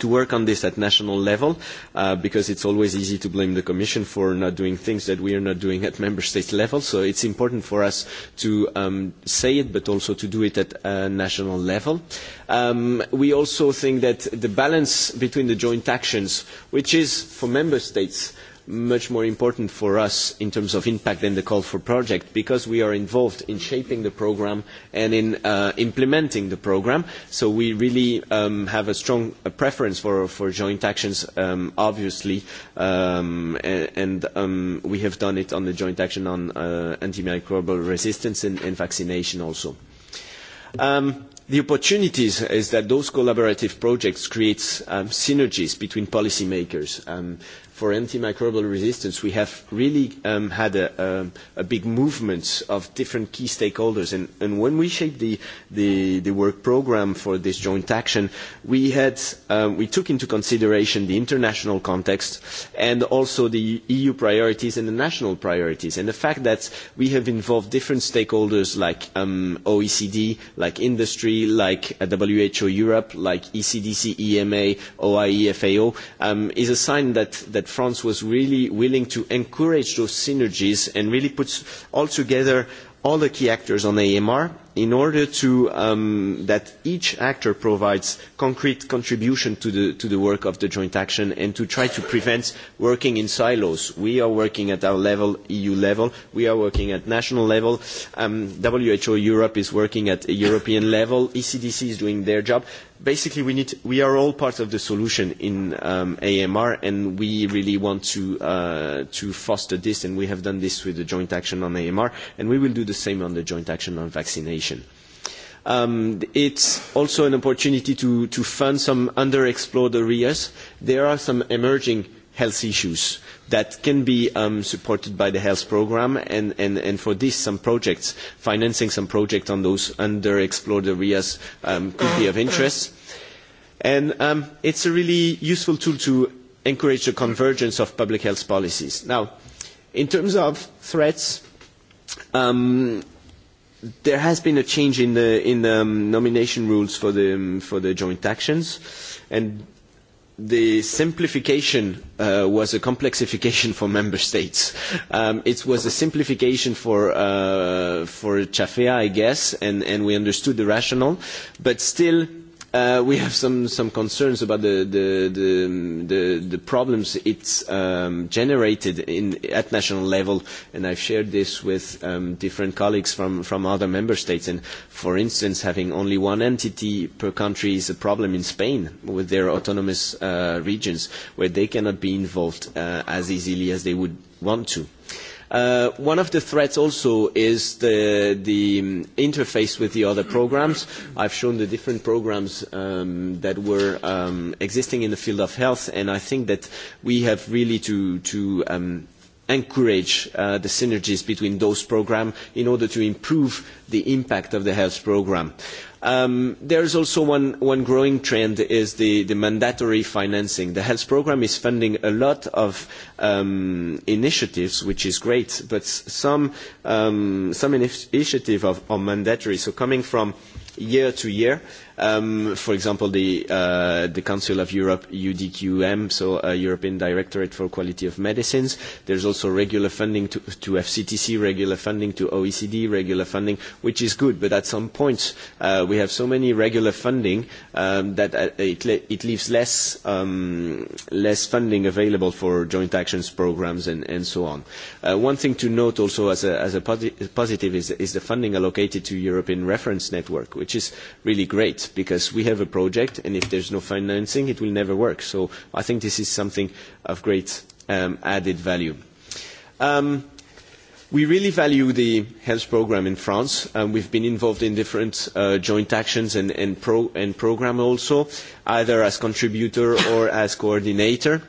to work on this at national level uh, because it's always easy to blame the Commission for not doing things that we are not doing at member state level. So it's important for us to um, say it but also to do it at national level. Um, we also think that the balance between the joint actions, which is for member states, much more important for us in terms of impact than the call for project because we are involved in shaping the program and in uh, implementing the program. So we really um, have a strong uh, preference for, for joint actions, um, obviously, um, and, and um, we have done it on the joint action on uh, antimicrobial resistance and, and vaccination also. Um, the opportunities is that those collaborative projects create um, synergies between policymakers. Um, for antimicrobial resistance, we have really um, had a, a, big movement of different key stakeholders. And, and when we shaped the, the, the, work program for this joint action, we, had, um, we took into consideration the international context and also the EU priorities and the national priorities. And the fact that we have involved different stakeholders like um, OECD, like industry, like uh, WHO Europe, like ECDC, EMA, OIE, FAO, um, is a sign that, that France was really willing to encourage those synergies and really put all together all the key actors on AMR in order to, um, that each actor provides concrete contribution to the, to the work of the joint action and to try to prevent working in silos. We are working at our level, EU level. We are working at national level. Um, WHO Europe is working at a European level. ECDC is doing their job basically we need to, we are all part of the solution in um, AMR and we really want to uh, to foster this and we have done this with the joint action on AMR and we will do the same on the joint action on vaccination. Um, it's also an opportunity to, to fund some underexplored areas. There are some emerging health issues that can be um, supported by the health programme and, and, and for this some projects, financing some projects on those underexplored areas um, could be of interest. And um, it's a really useful tool to encourage the convergence of public health policies. Now, in terms of threats, um, there has been a change in the, in the um, nomination rules for the, um, for the joint actions, and the simplification uh, was a complexification for member states. Um, it was a simplification for uh, for Chafea, I guess, and, and we understood the rationale, but still Uh, we have some, some concerns about the, the, the, the, the problems it's um, generated in, at national level, and I've shared this with um, different colleagues from, from other member states. And for instance, having only one entity per country is a problem in Spain with their autonomous uh, regions, where they cannot be involved uh, as easily as they would want to. Uh, Uh, one of the threats also is the, the interface with the other programs. I've shown the different programs um, that were um, existing in the field of health, and I think that we have really to, to um, encourage uh, the synergies between those programs in order to improve the impact of the health programme. Um, there is also one, one growing trend is the, the, mandatory financing. The health program is funding a lot of um, initiatives, which is great, but some, um, some initiatives are, are mandatory. So coming from year to year, Um, for example, the, uh, the Council of Europe, UDQM, so a European Directorate for Quality of Medicines. There's also regular funding to, to FCTC, regular funding to OECD, regular funding, which is good, but at some points uh, we have so many regular funding um, that uh, it, le it leaves less, um, less funding available for joint actions programs and, and so on. Uh, one thing to note also as a, as a posi positive is, is the funding allocated to European Reference Network, which is really great because we have a project and if there's no financing it will never work. So I think this is something of great um, added value. Um, we really value the health programme in France. Um, we've been involved in different uh, joint actions and, and, pro, and also, either as contributor or as coordinator.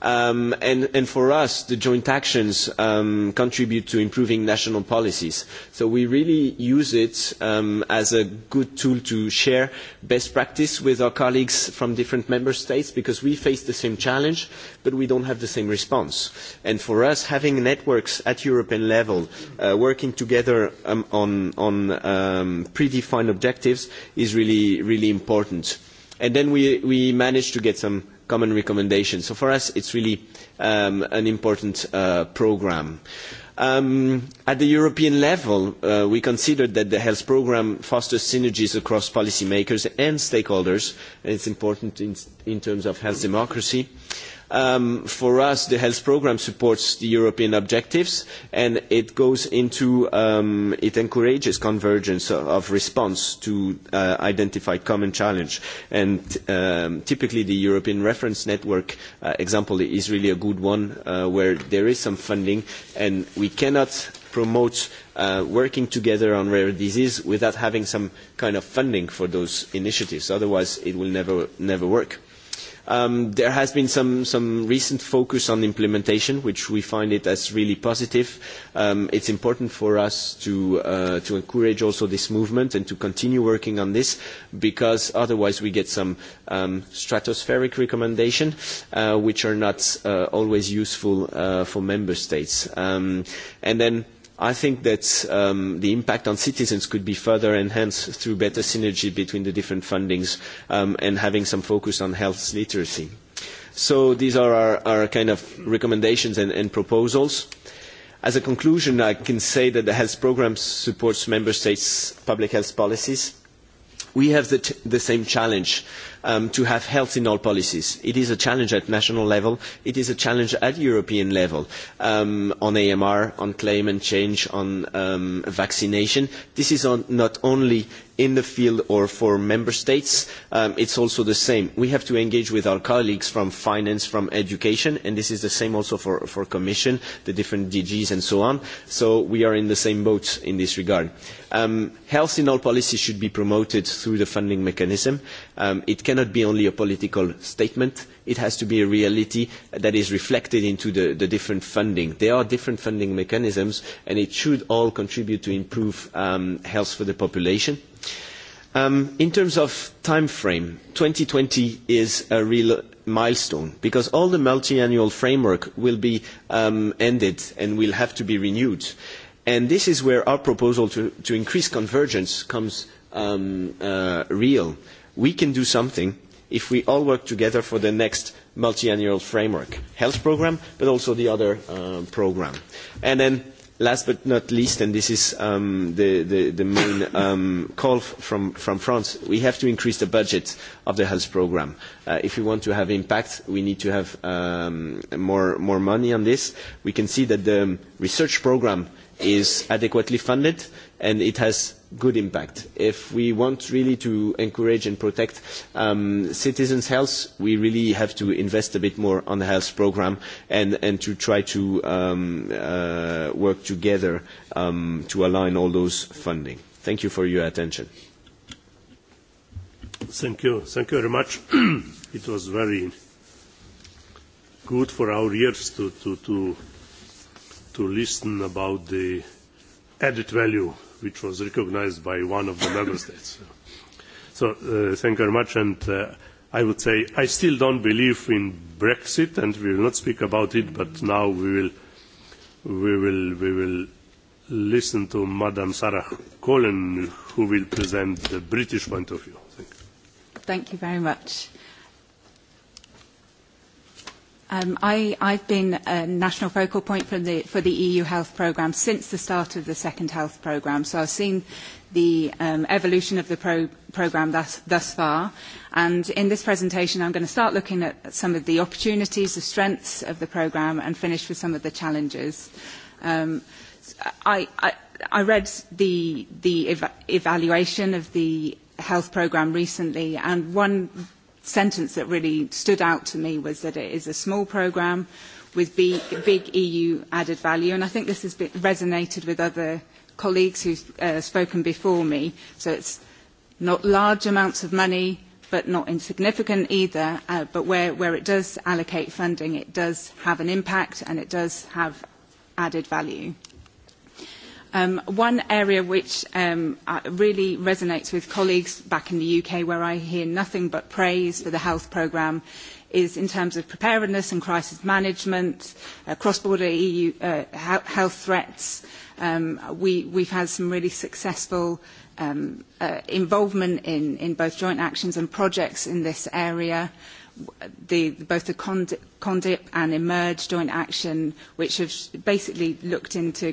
Um, and, and, for us, the joint actions um, contribute to improving national policies. So we really use it um, as a good tool to share best practice with our colleagues from different member states because we face the same challenge, but we don't have the same response. And for us, having networks at European level uh, working together um, on, on um, predefined objectives is really, really important. And then we, we managed to get some common recommendations. So for us, it's really um, an important uh, programme. Um, at the European level, uh, we considered that the health programme fosters synergies across policymakers and stakeholders, and it's important in, in terms of health democracy. Um, for us, the health programme supports the European objectives, and it goes into um, it encourages convergence of response to uh, identify common challenge. And um, typically, the European Reference Network uh, example is really a good one, uh, where there is some funding, and we cannot promote uh, working together on rare disease without having some kind of funding for those initiatives. Otherwise, it will never never work. Um, there has been some, some recent focus on implementation, which we find it as really positive. Um, it's important for us to, uh, to encourage also this movement and to continue working on this, because otherwise we get some um, stratospheric recommendations, uh, which are not uh, always useful uh, for member states. Um, and then I think that um, the impact on citizens could be further enhanced through better synergy between the different fundings um, and having some focus on health literacy. So these are our, our kind of recommendations and, and, proposals. As a conclusion, I can say that the health programme supports member states' public health policies. We have the, the same challenge um, to have health in all policies. It is a challenge at national level. It is a challenge at European level um, on AMR, on climate change, on um, vaccination. This is on, not only in the field or for member states, um, it's also the same. We have to engage with our colleagues from finance, from education, and this is the same also for, for commission, the different DGs and so on. So we are in the same boat in this regard. Um, health in all policies should be promoted through the funding mechanism. Um, it cannot be only a political statement. It has to be a reality that is reflected into the, the different funding. There are different funding mechanisms, and it should all contribute to improve um, health for the population. Um, in terms of time frame, 2020 is a real milestone because all the multi-annual framework will be um, ended and will have to be renewed. And this is where our proposal to, to increase convergence comes um, uh, real we can do something if we all work together for the next multi-annual framework health program, but also the other uh, program. And then last but not least, and this is um, the, the, the, main um, call from, from, France, we have to increase the budget of the health program. Uh, if we want to have impact, we need to have um, more, more money on this. We can see that the research program is adequately funded and it has good impact. If we want really to encourage and protect um, citizens' health, we really have to invest a bit more on the health program and, and to try to um, uh, work together um, to align all those funding. Thank you for your attention. Thank you. Thank you very much. [clears throat] it was very good for our ears to, to, to, to listen about the added value which was recognized by one of the member states. So uh, thank you very much. And uh, I would say I still don't believe in Brexit, and we will not speak about it. But now we will, we will, we will listen to Madam Sarah Colin, who will present the British point of view. Thank you, thank you very much. Um, I, I've been a national focal point for the, for the EU health programme since the start of the second health programme, so I've seen the um, evolution of the pro programme thus, thus far. And in this presentation, I'm going to start looking at some of the opportunities, the strengths of the programme, and finish with some of the challenges. Um, I, I, I read the, the ev evaluation of the health programme recently, and one sentence that really stood out to me was that it is a small programme with big, big EU added value, and I think this has been resonated with other colleagues who've uh, spoken before me. So it's not large amounts of money, but not insignificant either. Uh, but where, where it does allocate funding, it does have an impact and it does have added value. Um, one area which um, uh, really resonates with colleagues back in the UK, where I hear nothing but praise for the health programme, is in terms of preparedness and crisis management, uh, cross-border EU uh, health threats. Um, we, we've had some really successful um, uh, involvement in, in both joint actions and projects in this area. The, both the CONDIP and EMERGE joint action, which have basically looked into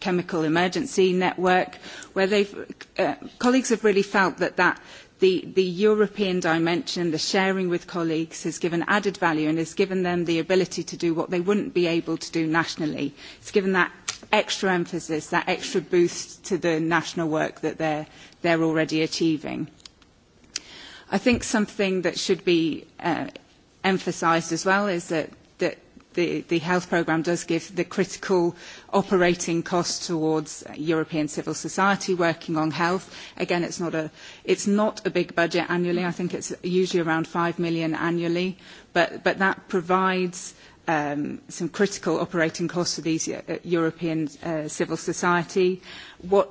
chemical emergency network, where they've, uh, colleagues have really felt that, that the, the European dimension, the sharing with colleagues has given added value and has given them the ability to do what they wouldn't be able to do nationally. It's given that extra emphasis, that extra boost to the national work that they're, they're already achieving. I think something that should be uh, emphasised as well is that, that the, the health programme does give the critical operating costs towards European civil society working on health. Again, it's not a, it's not a big budget annually. I think it's usually around 5 million annually, but, but that provides um, some critical operating costs for these uh, European uh, civil society. What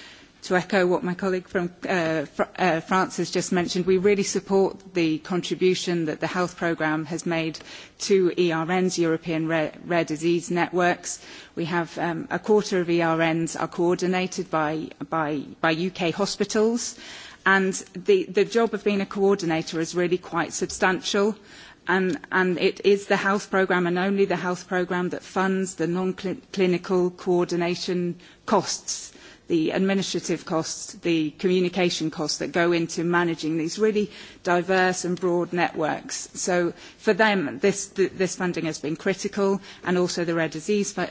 to echo what my colleague from uh, fr uh, France has just mentioned, we really support the contribution that the health programme has made to ERNs, European Rare, Rare Disease Networks. We have um, a quarter of ERNs are coordinated by, by, by UK hospitals, and the, the job of being a coordinator is really quite substantial. And, and, it is the health programme and only the health programme that funds the non-clinical coordination costs the administrative costs, the communication costs that go into managing these really diverse and broad networks. So for them, this, this funding has been critical, and also the rare disease uh,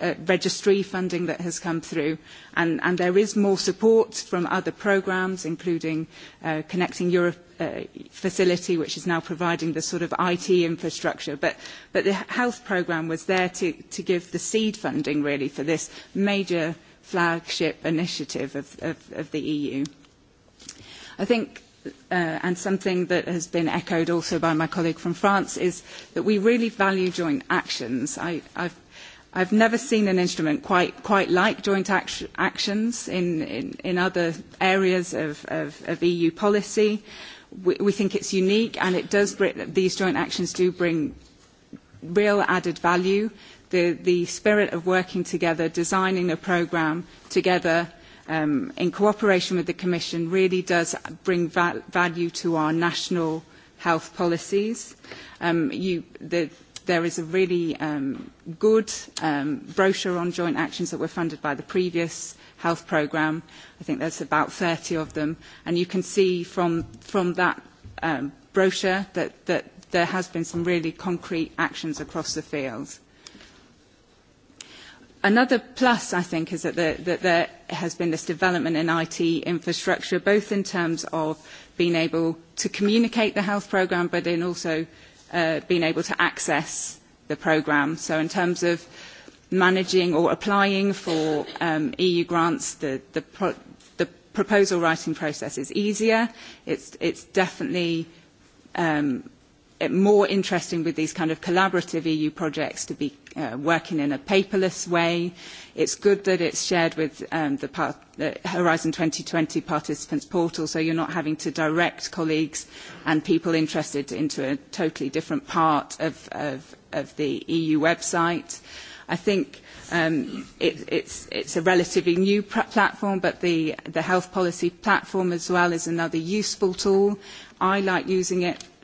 uh, registry funding that has come through. And, and there is more support from other programmes, including uh, Connecting Europe Uh, facility which is now providing the sort of IT infrastructure. But, but the health programme was there to, to give the seed funding really for this major flagship initiative of, of, of the EU. I think Uh, and something that has been echoed also by my colleague from France is that we really value joint actions. I, I've, I've never seen an instrument quite, quite like joint act actions in, in, in other areas of, of, of EU policy. We, we think it's unique and it does bring, these joint actions do bring real added value the, the spirit of working together, designing a programme together um, in cooperation with the Commission really does bring va value to our national health policies. Um, you, the, there is a really um, good um, brochure on joint actions that were funded by the previous health programme. I think there's about 30 of them. And you can see from, from that um, brochure that, that there has been some really concrete actions across the field. Another plus, I think, is that, the, that there has been this development in IT infrastructure, both in terms of being able to communicate the health programme, but in also uh, being able to access the programme. So in terms of managing or applying for um, EU grants, the, the, pro the proposal writing process is easier. It's, it's definitely um, Uh, more interesting with these kind of collaborative EU projects to be uh, working in a paperless way. It's good that it's shared with um, the part, uh, Horizon 2020 participants portal, so you're not having to direct colleagues and people interested into a totally different part of, of, of the EU website. I think um, it, it's, it's a relatively new platform, but the, the health policy platform as well is another useful tool. I like using it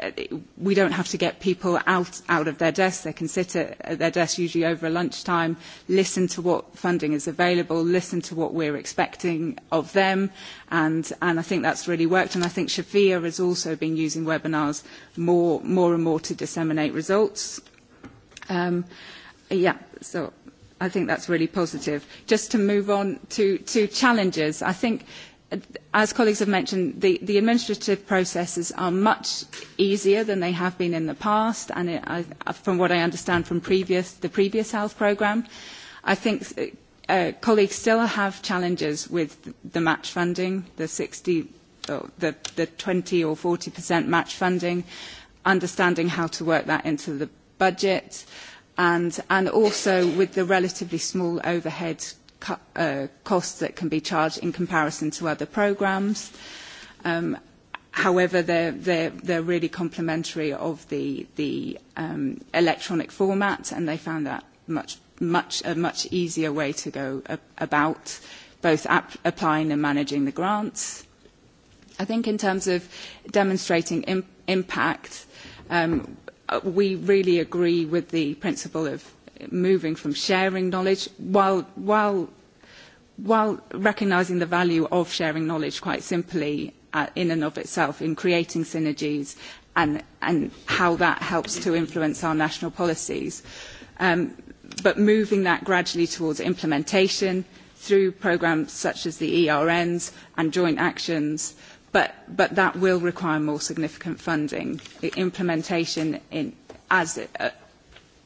Uh, we don't have to get people out, out of their desks. They can sit at, at their desk usually over lunchtime, listen to what funding is available, listen to what we're expecting of them, and, and I think that's really worked. And I think Shafia has also been using webinars more, more and more to disseminate results. Um, yeah, so I think that's really positive. Just to move on to, to challenges, I think as colleagues have mentioned, the, the, administrative processes are much easier than they have been in the past, and it, I, uh, from what I understand from previous, the previous health programme, I think uh, uh, colleagues still have challenges with the match funding, the 60, or uh, the, the 20 or 40% match funding, understanding how to work that into the budget, and, and also with the relatively small overhead Uh, costs that can be charged in comparison to other programs. Um, however, they're, they're, they're really complementary of the, the um, electronic format, and they found that much, much, a much easier way to go about both ap applying and managing the grants. I think in terms of demonstrating imp- impact, um, uh, we really agree with the principle of moving from sharing knowledge while, while, while recognising the value of sharing knowledge quite simply uh, in and of itself in creating synergies and, and how that helps to influence our national policies. Um, but moving that gradually towards implementation through programmes such as the ERNs and joint actions, but, but that will require more significant funding. The implementation in, as uh,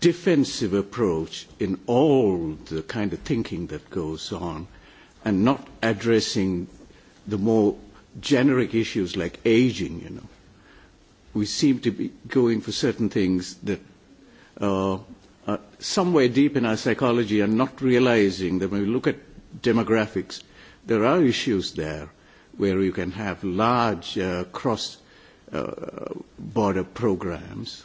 defensive approach in all the kind of thinking that goes on and not addressing the more generic issues like aging, you know. We seem to be going for certain things that uh, are somewhere deep in our psychology and not realizing that when we look at demographics, there are issues there where you can have large uh, cross-border uh, programs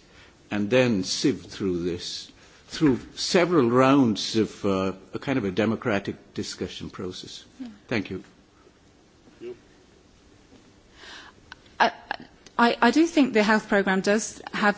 and then sieve through this through several rounds of uh, a kind of a democratic discussion process. Yeah. Thank you. I, I do think the health programme does have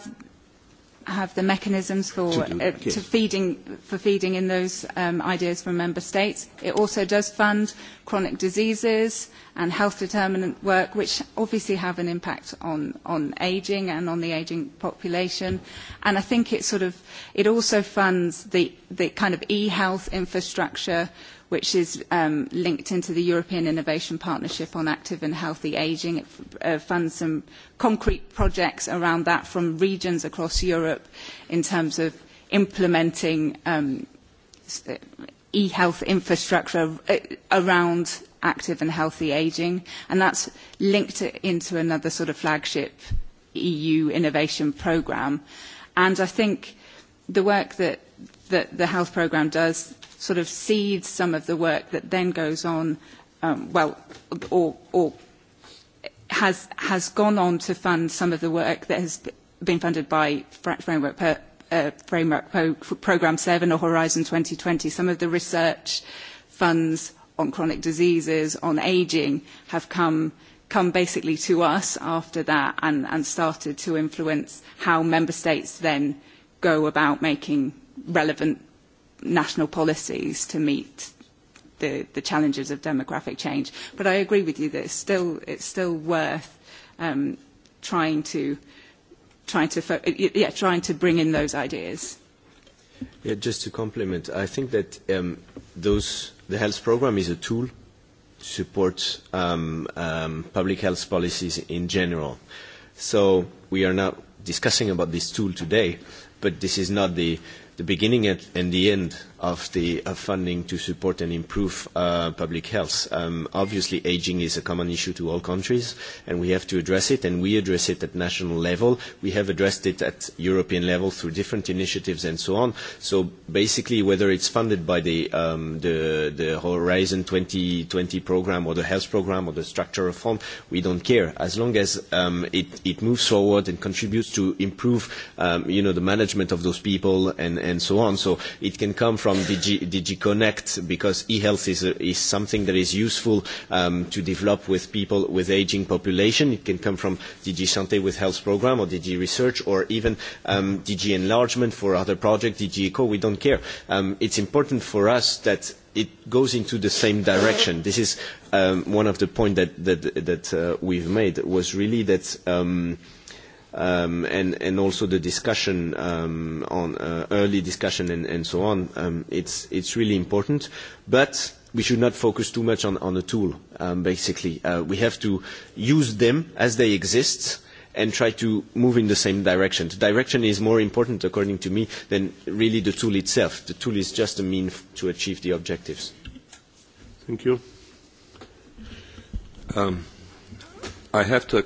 have the mechanisms for, to do, uh, yes. feeding, for feeding in those um, ideas from member states. It also does fund chronic diseases and health determinant work, which obviously have an impact on, on ageing and on the ageing population. And I think it sort of, it also funds the, the kind of e-health infrastructure, uh, which is um, linked into the European Innovation Partnership on Active and Healthy Aging. It uh, funds some concrete projects around that from regions across Europe in terms of implementing um, uh, e-health infrastructure uh, around active and healthy aging, and that's linked into another sort of flagship EU innovation program. And I think the work that, that the health program does sort of seeds some of the work that then goes on, um, well, or, or has, has gone on to fund some of the work that has been funded by Framework, per, uh, framework pro, Programme 7 or Horizon 2020. Some of the research funds on chronic diseases, on ageing, have come come basically to us after that and, and started to influence how member states then go about making relevant national policies to meet the, the challenges of demographic change. But I agree with you that it's still, it's still worth um, trying to, trying to, yeah, trying to bring in those ideas. Yeah, just to complement, I think that um, those, the health program is a tool to support um, um, public health policies in general. So we are not discussing about this tool today, but this is not the the beginning and, the end of the uh, funding to support and improve uh, public health. Um, obviously, aging is a common issue to all countries, and we have to address it, and we address it at national level. We have addressed it at European level through different initiatives and so on. So basically, whether it's funded by the, um, the, the Horizon 2020 program or the health program or the structure reform, we don't care. As long as um, it, it moves forward and contributes to improve, um, you know, the management of those people and, and so on. So it can come from from DG, Connect because e-health is, is something that is useful um, to develop with people with aging population. It can come from DG Santé with health program or DG Research or even um, DG Enlargement for other projects, DG Eco, we don't care. Um, it's important for us that it goes into the same direction. This is um, one of the points that, that, that uh, we've made was really that um, – um, and, and also the discussion um, on uh, early discussion and, and so on, um, it's, it's really important. But we should not focus too much on, on the tool, um, basically. Uh, we have to use them as they exist and try to move in the same direction. The direction is more important, according to me, than really the tool itself. The tool is just a mean to achieve the objectives. Thank you. Um, I have to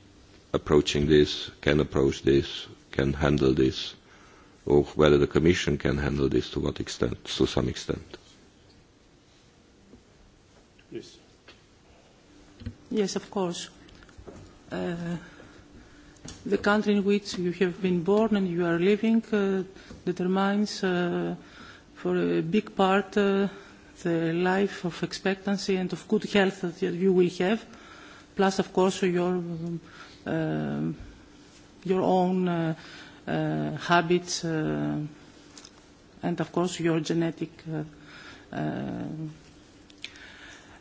approaching this, can approach this, can handle this, or whether the Commission can handle this to what extent, to some extent. Yes. Yes, of course. Uh, the country in which you have been born and you are living uh, determines uh, for a big part uh, the life of expectancy and of good health that you will have, plus, of course, your um, uh, your own uh, uh, habits uh, and of course your genetic uh, uh,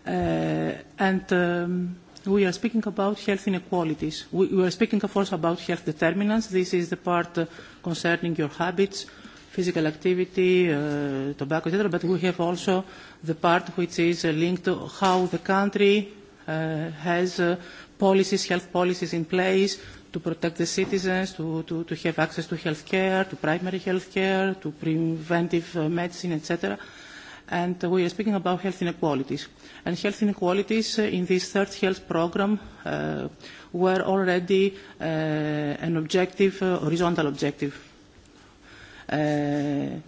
uh, and um, we are speaking about health inequalities. We, we are speaking, of course, about health determinants. This is the part uh, concerning your habits, physical activity, uh, tobacco, etc. But we have also the part which is uh, linked to how the country uh, has uh, policies, health policies in place to protect the citizens, to, to, to have access to health care, to primary health care, to preventive uh, medicine, etc. And we are speaking about health inequalities. And health inequalities uh, in this third health program uh, were already uh, an objective, uh, horizontal objective. Uh,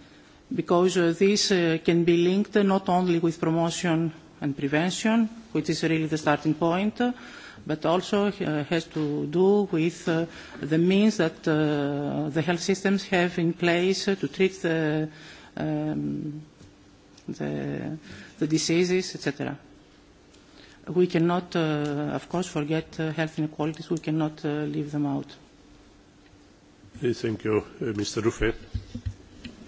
because uh, this uh, can be linked not only with promotion and prevention, which is really the starting point, uh, but also uh, has to do with uh, the means that uh, the health systems have in place uh, to treat the, um, the, the diseases, etc. We cannot, uh, of course, forget uh, health inequalities. We cannot leave them out. Thank you. Mr. Ruffet.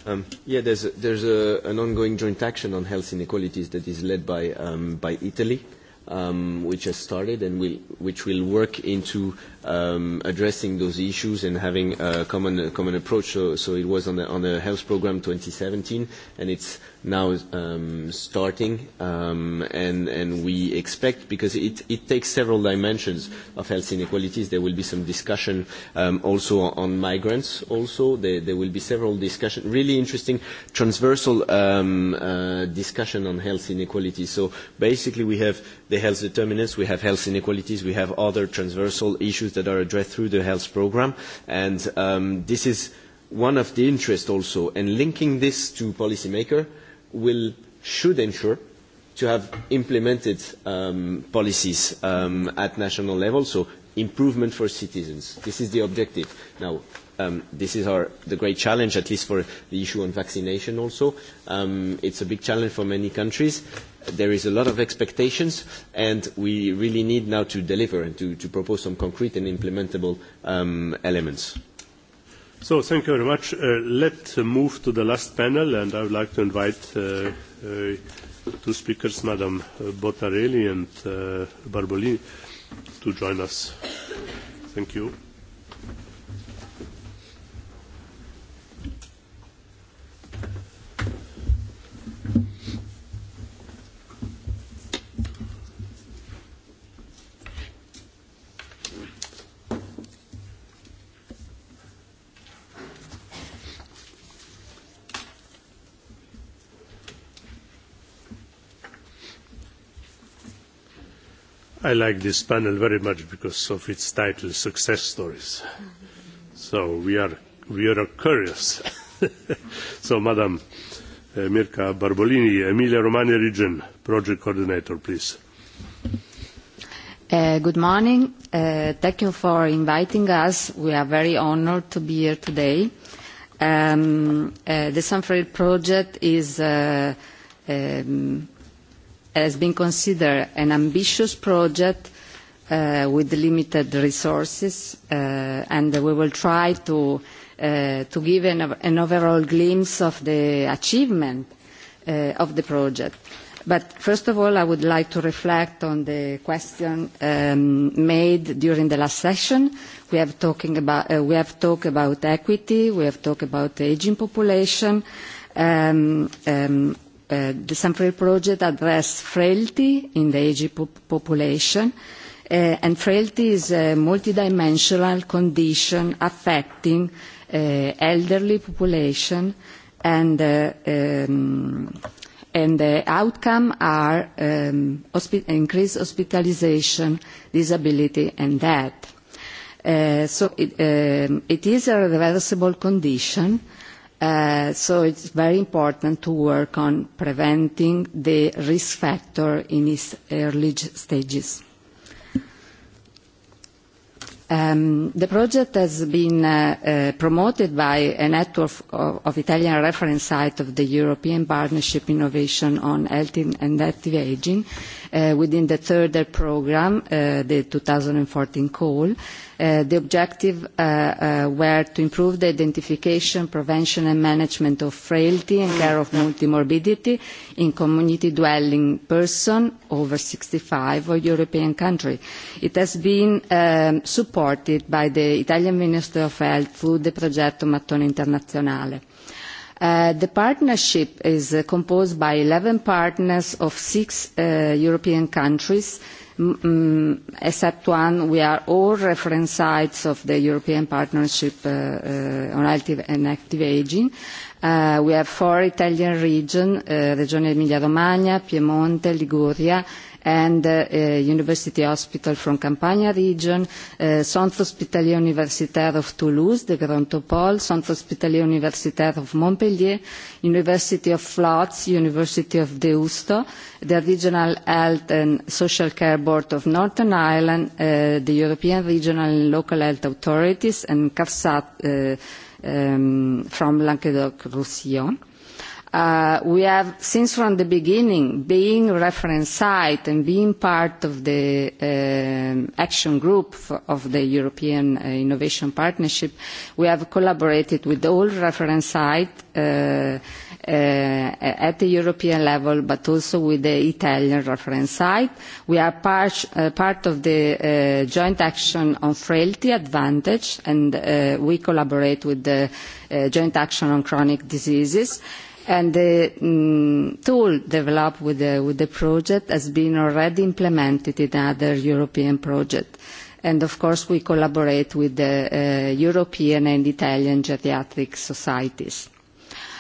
Um, yeah, there's, a, there's a, an ongoing joint action on health inequalities that is led by, um, by Italy um, which has started and will, which will work into um, addressing those issues and having a common, a common approach. So, so it was on the, on the health program 2017, and it's now um, starting, um, and, and we expect, because it, it takes several dimensions of health inequalities, there will be some discussion um, also on migrants also. There, there will be several discussion, really interesting transversal um, uh, discussion on health inequalities. So basically we have the health determinants, we have health inequalities, we have other transversal issues that are addressed through the health programme. And um, this is one of the interests also. And linking this to policymaker will, should ensure to have implemented um, policies um, at national level, so improvement for citizens. This is the objective. Now, um, this is our, the great challenge, at least for the issue on vaccination also. Um, it's a big challenge for many countries there is a lot of expectations, and we really need now to deliver and to, to propose some concrete and implementable um, elements. So thank you very much. Uh, let's uh, move to the last panel, and I would like to invite uh, uh, two speakers, Madam uh, Bottarelli and uh, Barbolini, to join us. Thank you. I like this panel very much because of its title, Success Stories. So we are, we are curious. [laughs] so, Madam uh, Mirka Barbolini, Emilia-Romagna region, project coordinator, please. Uh, good morning. Uh, thank you for inviting us. We are very honored to be here today. Um, uh, the Sanfrail project is um, has been considered an ambitious project uh, with limited resources, uh, and we will try to, uh, to give an, an, overall glimpse of the achievement uh, of the project. But first of all, I would like to reflect on the question um, made during the last session. We have, talking about, uh, we have talked about equity, we have talked about the aging population, um, um, Eh, the Sanfrail project addressed frailty in the aging po population, uh, and frailty is a multidimensional condition affecting uh, elderly population, and, uh, um, and the outcome are um, hospi increased hospitalization, disability, and death. so it, um, it is a reversible condition, Uh, so it's very important to work on preventing the risk factor in its early stages. Um, the project has been uh, uh, promoted by a network of, of Italian reference sites of the European Partnership Innovation on Health and Active Aging, uh, within the third uh, programme, uh, the 2014 call. Uh, the objective uh, uh, were to improve the identification, prevention and management of frailty and care of multimorbidity in community-dwelling person over 65 of European country. It has been um, supported by the Italian Ministry of Health through the Progetto Mattone Internazionale. Uh, the partnership is uh, composed by 11 partners of six uh, European countries, mm, except one. We are all reference sites of the European Partnership uh, uh, on Active and Active Aging. we have four Italian regions, Regione Emilia-Romagna, Piemonte, Liguria, and uh, University Hospital from Campania region, uh, Centre Hospitalier Universitaire of Toulouse, the Grand Topol, Centre Hospitalier Universitaire of Montpellier, University of Flots, University of Deusto, the Regional Health and Social Care Board of Northern Ireland, uh, the European Regional and Local Health Authorities, and CARSAT uh, um, from Languedoc-Roussillon. Uh, we have, since from the beginning, being reference site and being part of the uh, action group for, of the European uh, Innovation Partnership, we have collaborated with all reference sites uh, uh, at the European level, but also with the Italian reference site. We are part, uh, part of the joint action on frailty advantage, and we collaborate with the joint action on chronic diseases. And the mm, tool developed with the, with the project has been already implemented in other European projects. And of course, we collaborate with the uh, European and Italian geriatric societies.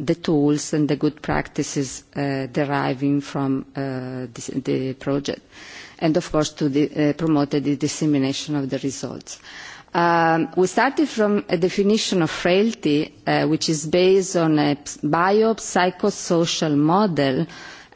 the tools and the good practices uh, deriving from uh, this, the project, and of course to the, uh, promote the dissemination of the results. Um, we started from a definition of frailty, uh, which is based on a biopsychosocial model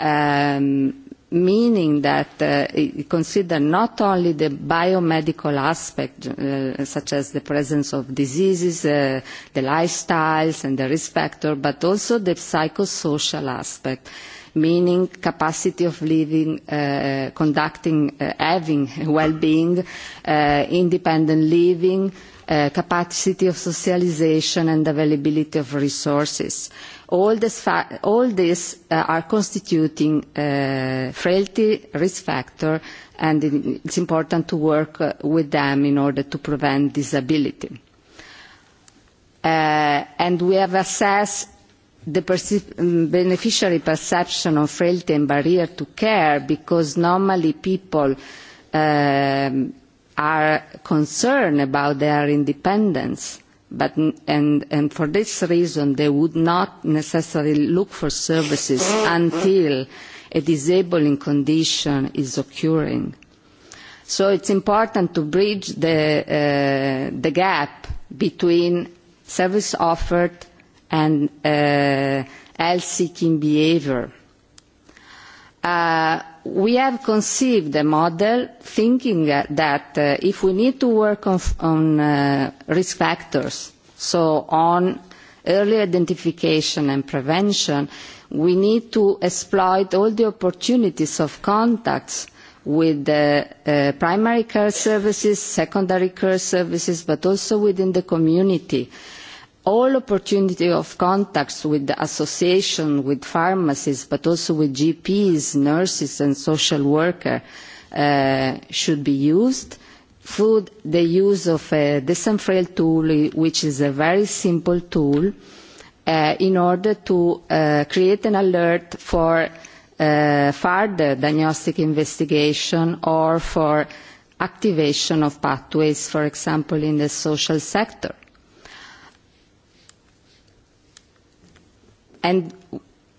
um, meaning that uh, it consider not only the biomedical aspect, uh, such as the presence of diseases, uh, the lifestyles and the risk factor, but also the psychosocial aspect, meaning capacity of living, uh, conducting, uh, having well-being, uh, independent living, Uh, capacity of socialization and availability of resources. All, this all these uh, are constituting uh, frailty risk factor and it's important to work uh, with them in order to prevent disability. Uh, and we have assessed the perci mm, beneficiary perception of frailty and barrier to care because normally people um, are concerned about their independence, but, and, and for this reason they would not necessarily look for services until a disabling condition is occurring. So it's important to bridge the, uh, the gap between service offered and uh, health-seeking behaviour. Uh, we have conceived a model thinking uh, that uh, if we need to work on, on uh, risk factors, so on early identification and prevention, we need to exploit all the opportunities of contacts with the uh, primary care services, secondary care services, but also within the community. Uh, all opportunity of contacts with the association, with pharmacists, but also with GPs, nurses and social workers uh, should be used. Through the use of a disenfrail tool, which is a very simple tool, uh, in order to uh, create an alert for uh, further diagnostic investigation or for activation of pathways, for example, in the social sector and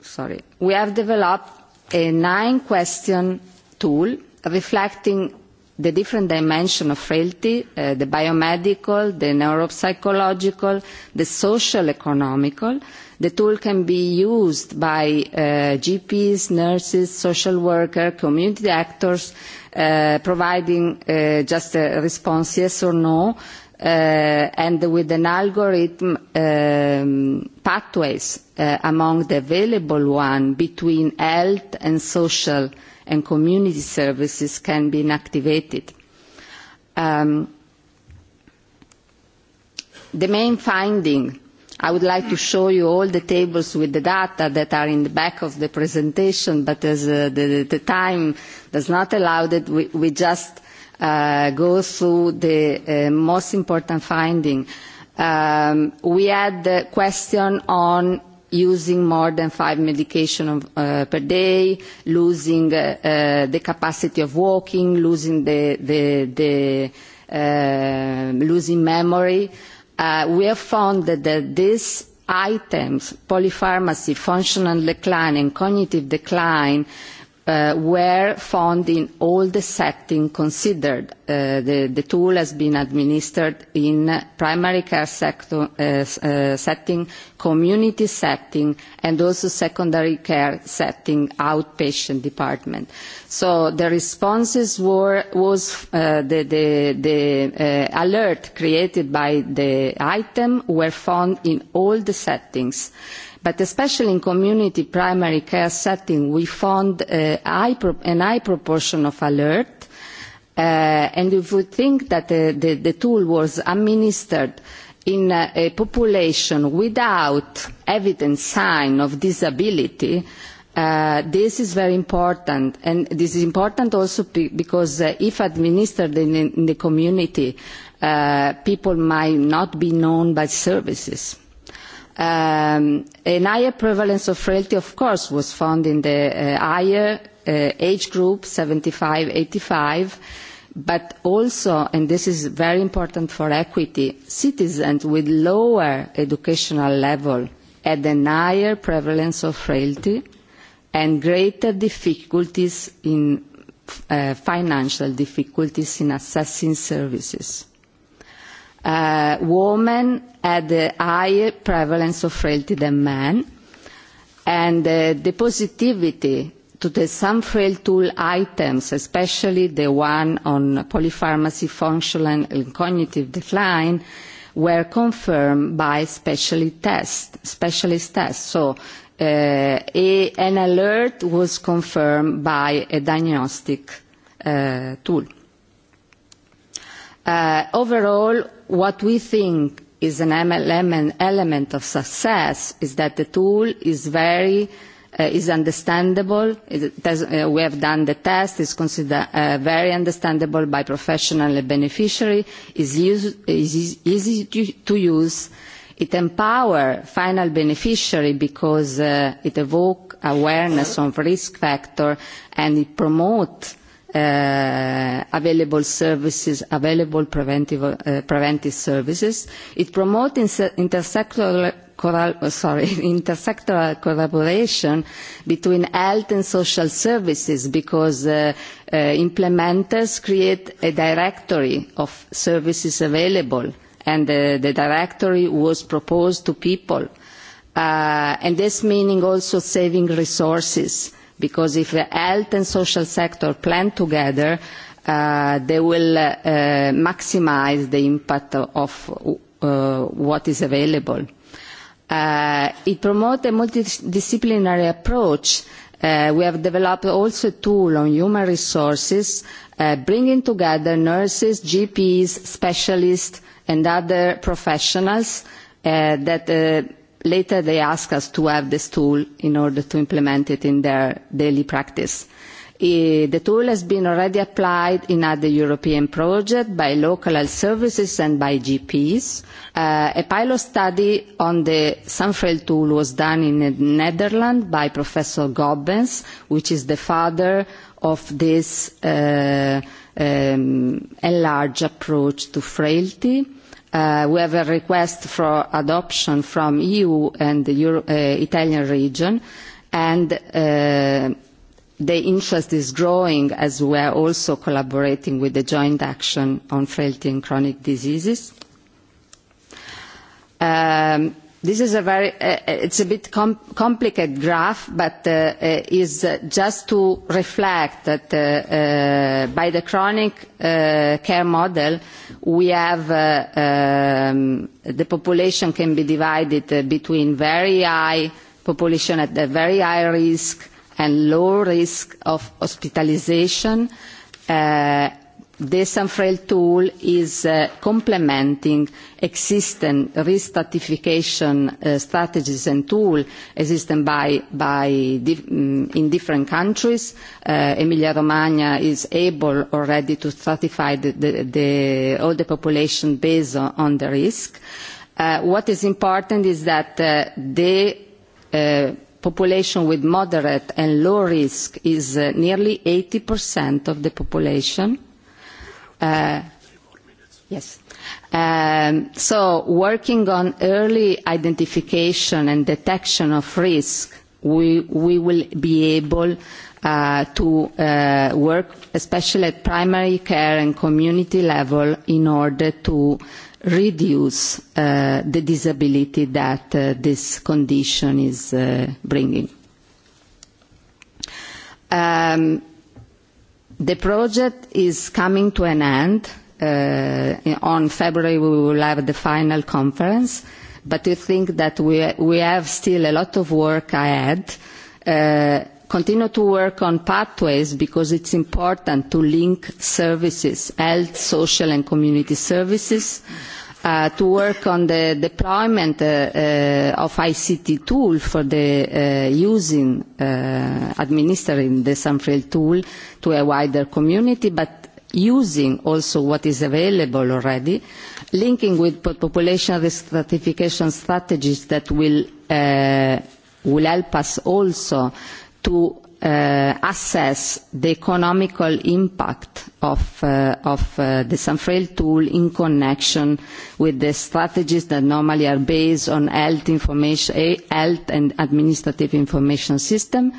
sorry, we have developed a nine-question tool reflecting the different dimensions of frailty, uh, the biomedical, the neuropsychological, the social economical. The tool can be used by uh, GPs, nurses, social workers, community actors, uh, providing uh, just a response yes or no, uh, and with an algorithm um, pathways uh, among the available one between health and social and community services can be inactivated. Um, the main finding, I would like to show you all the tables with the data that are in the back of the presentation, but as uh, the, the time does not allow that, we, we just uh, go through the uh, most important finding. Um, we had the question on using more than five medications uh, per day, losing uh, uh, the capacity of walking, losing the, the, the um, losing memory. Uh, we have found that, that these items, polypharmacy, functional decline and cognitive decline, uh, were found in all the settings considered. Uh, the, the, tool has been administered in primary care sector, uh, uh, setting, community setting, and also secondary care setting, outpatient department. So the responses were, was uh, the, the, the uh, alert created by the item were found in all the settings But especially in community primary care setting, we found a high an high proportion of alert. Uh, and if we think that the, the, the tool was administered in a, a population without evident sign of disability, Uh, this is very important and this is important also because uh, if administered in, in the community uh, people might not be known by services. Um, an higher prevalence of frailty, of course, was found in the uh, higher uh, age group, 75-85, but also, and this is very important for equity, citizens with lower educational level had a higher prevalence of frailty and greater difficulties in uh, financial difficulties in accessing services uh, women had a higher prevalence of frailty than men, and uh, the positivity to the some frail tool items, especially the one on polypharmacy functional and cognitive decline, were confirmed by specialist tests. Specialist tests. So uh, a, an alert was confirmed by a diagnostic uh, tool. Uh, overall, what we think is an element of success is that the tool is very uh, is understandable. It uh, we have done the test. It's considered uh, very understandable by professional and beneficiary. Is is easy to, to use. It empowers final beneficiary because uh, it evokes awareness of risk factor and it promotes uh, available services, available preventive, uh, preventive services. It promotes intersectoral Coral, uh, sorry, [laughs] intersectoral collaboration between health and social services because uh, uh, implementers create a directory of services available and uh, the directory was proposed to people. Uh, and this meaning also saving resources because if the health and social sector plan together, uh, they will uh, maximize the impact of uh, what is available. Uh, it promotes a multidisciplinary approach. Uh, we have developed also a tool on human resources, uh, bringing together nurses, GPs, specialists, and other professionals uh, that uh, later they ask us to have this tool in order to implement it in their daily practice. Eh, the tool has been already applied in other European projects by local health services and by GPs. Uh, eh, a pilot study on the Sanfrail tool was done in the Netherlands by Professor Gobbens, which is the father of this uh, um, enlarged approach to frailty. Uh, we have a request for adoption from EU and the Euro uh, Italian region, and uh, the interest is growing as we are also collaborating with the Joint Action on Frailty and Chronic Diseases. Um, This is a very, uh, uh, it's a bit com complicated graph, but uh, uh is uh, just to reflect that uh, by the chronic care model, we have um, the population can be divided between very high population at a very high risk and low risk of hospitalization, this MFREL tool is uh, complementing existing risk stratification uh, strategies and tools existing mm, in different countries. Uh, Emilia-Romagna is able already to stratify all the population based on, on the risk. what is important is that the population with moderate and low risk is nearly 80% of the population Uh, yes. Um, so working on early identification and detection of risk, we, we will be able uh, to uh, work especially at primary care and community level in order to reduce uh, the disability that uh, this condition is uh, bringing. Um, The project is coming to an end. Uh, on February we will have the final conference, but we think that we, we have still a lot of work ahead. Uh, continue to work on pathways because it's important to link services, health, social and community services, uh, to work on the deployment uh, uh, of ICT tool for the uh, using, uh, administering the Sunfield tool to a wider community, but using also what is available already, linking with population risk stratification strategies that will, uh, will help us also to uh, assess the economical impact of, uh, of uh, the Sanfrail tool in connection with the strategies that normally are based on health, information, eh, health and administrative information system,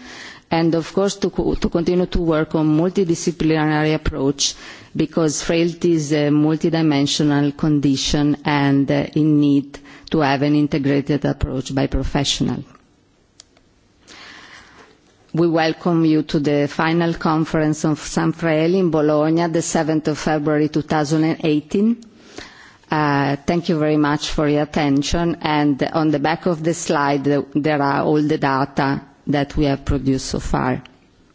and of course to, co to continue to work on multidisciplinary approach because frailty is a multidimensional condition and uh, in need to have an integrated approach by professionals. We welcome you to the final conference of San Frael in Bologna, the 7th of February 2018. Uh, thank you very much for your attention. And on the back of the slide, there are all the data that we have produced so far.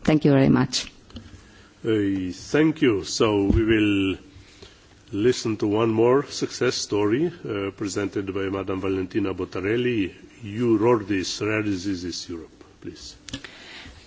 Thank you very much. Uh, thank you. So we will listen to one more success story uh, presented by Madam Valentina Bottarelli. You wrote this, Rare Diseases Europe, please.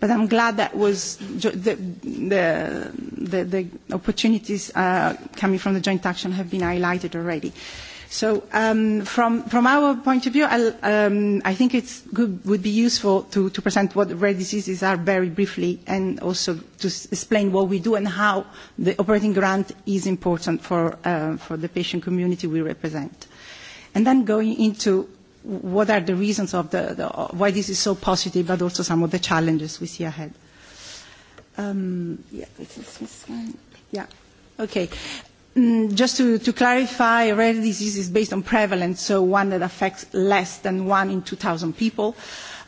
But I'm glad that was the, the, the, the opportunities uh, coming from the joint action have been highlighted already. So um, from, from our point of view, um, I think it would be useful to, to present what rare diseases are very briefly and also to explain what we do and how the operating grant is important for, uh, for the patient community we represent. And then going into what are the reasons of the, the, why this is so positive, but also some of the challenges we see ahead. Um, yeah, yeah, okay. Mm, just to, to clarify, rare disease is based on prevalence, so one that affects less than one in 2,000 people. Uh,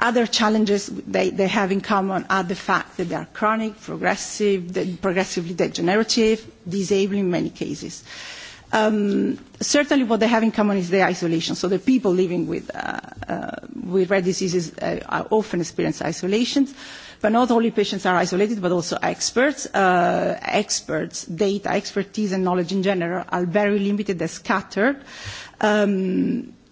Other challenges they, they have in common are the fact that they are chronic, progressive, progressively degenerative, disabling in many cases. Um, certainly what they have in common is their isolation. So the people living with, uh, uh, with rare diseases uh, often experience isolations. But not only patients are isolated, but also experts. Uh, experts, data, expertise, and knowledge in general are very limited and scattered. Um,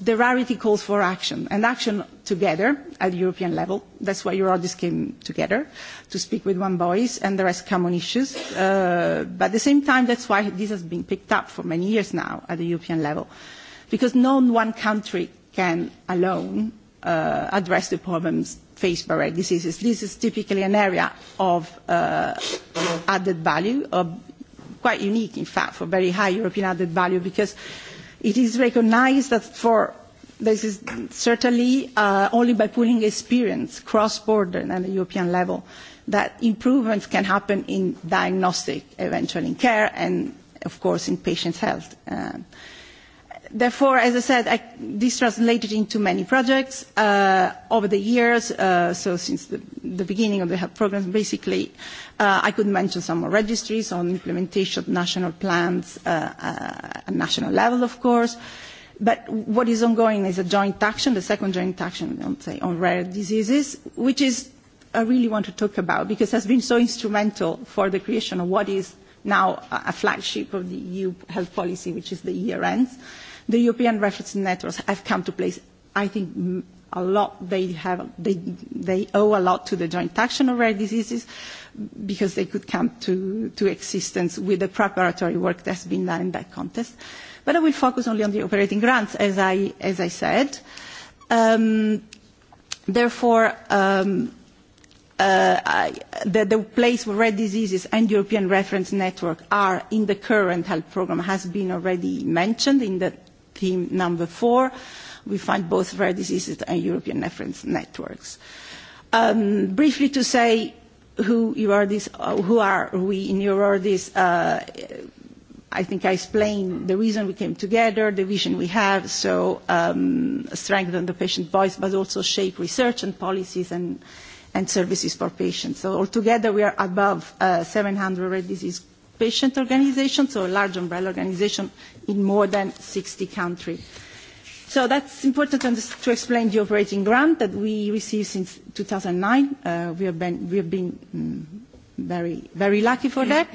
the rarity calls for action, and action together at European level. That's why Eurodis came together, to speak with one voice and address common issues. Uh, but at the same time, that's why this has been picked up for many years now at the European level, because no one country can alone uh, address the problems faced by rare diseases. This is typically an area of uh, added value, of quite unique, in fact, for very high European added value, because It is recognized that for this is certainly uh, only by pooling experience cross-border and at the European level that improvements can happen in diagnostic, eventually in care, and of course in patient health. uh, therefore, as I said, I, this translated into many projects uh, over the years. Uh, so since the, the, beginning of the health program, basically, uh, I could mention some more registries on implementation of national plans uh, uh, at national level, of course. But what is ongoing is a joint action, the second joint action on, say, on rare diseases, which is I really want to talk about because it has been so instrumental for the creation of what is now a flagship of the EU health policy, which is the year ends. Uh, The European reference networks have come to place, I think, a lot. They, have, they, they owe a lot to the joint action of rare diseases because they could come to, to existence with the preparatory work that's been done in that context. But I will focus only on the operating grants, as I, as I said. Um, therefore, um, uh, I, the, the place where rare diseases and European reference network are in the current health program has been already mentioned in the theme number four. We find both rare diseases and European reference networks. Um, briefly to say who you are, this, uh, who are we in Eurordis, uh, I think I explained the reason we came together, the vision we have, so um, strengthen the patient voice, but also shape research and policies and, and services for patients. So altogether, we are above uh, 700 rare disease patient organizations, so a large umbrella organization in more than 60 countries. So that's important to explain the operating grant that we received since 2009. Uh, we have been, we have been mm, very, very lucky for that,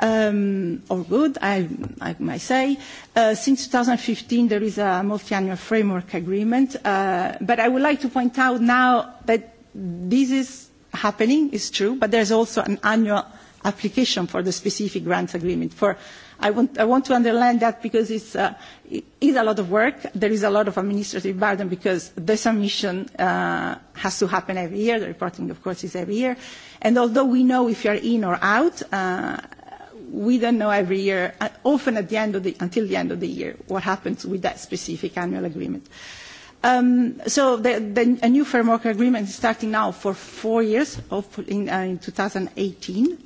um, or good, I, I might say. Uh, since 2015, there is a multi-annual framework agreement. Uh, but I would like to point out now that this is happening, it's true, but there's also an annual application for the specific grant agreement for I want, I want to underline that because it's, uh, it is a lot of work. There is a lot of administrative burden because the submission uh, has to happen every year. The reporting, of course, is every year. And although we know if you are in or out, uh, we don't know every year, uh, often at the end of the, until the end of the year, what happens with that specific annual agreement. Um, so the, the, a new framework agreement is starting now for four years, hopefully in, uh, in 2018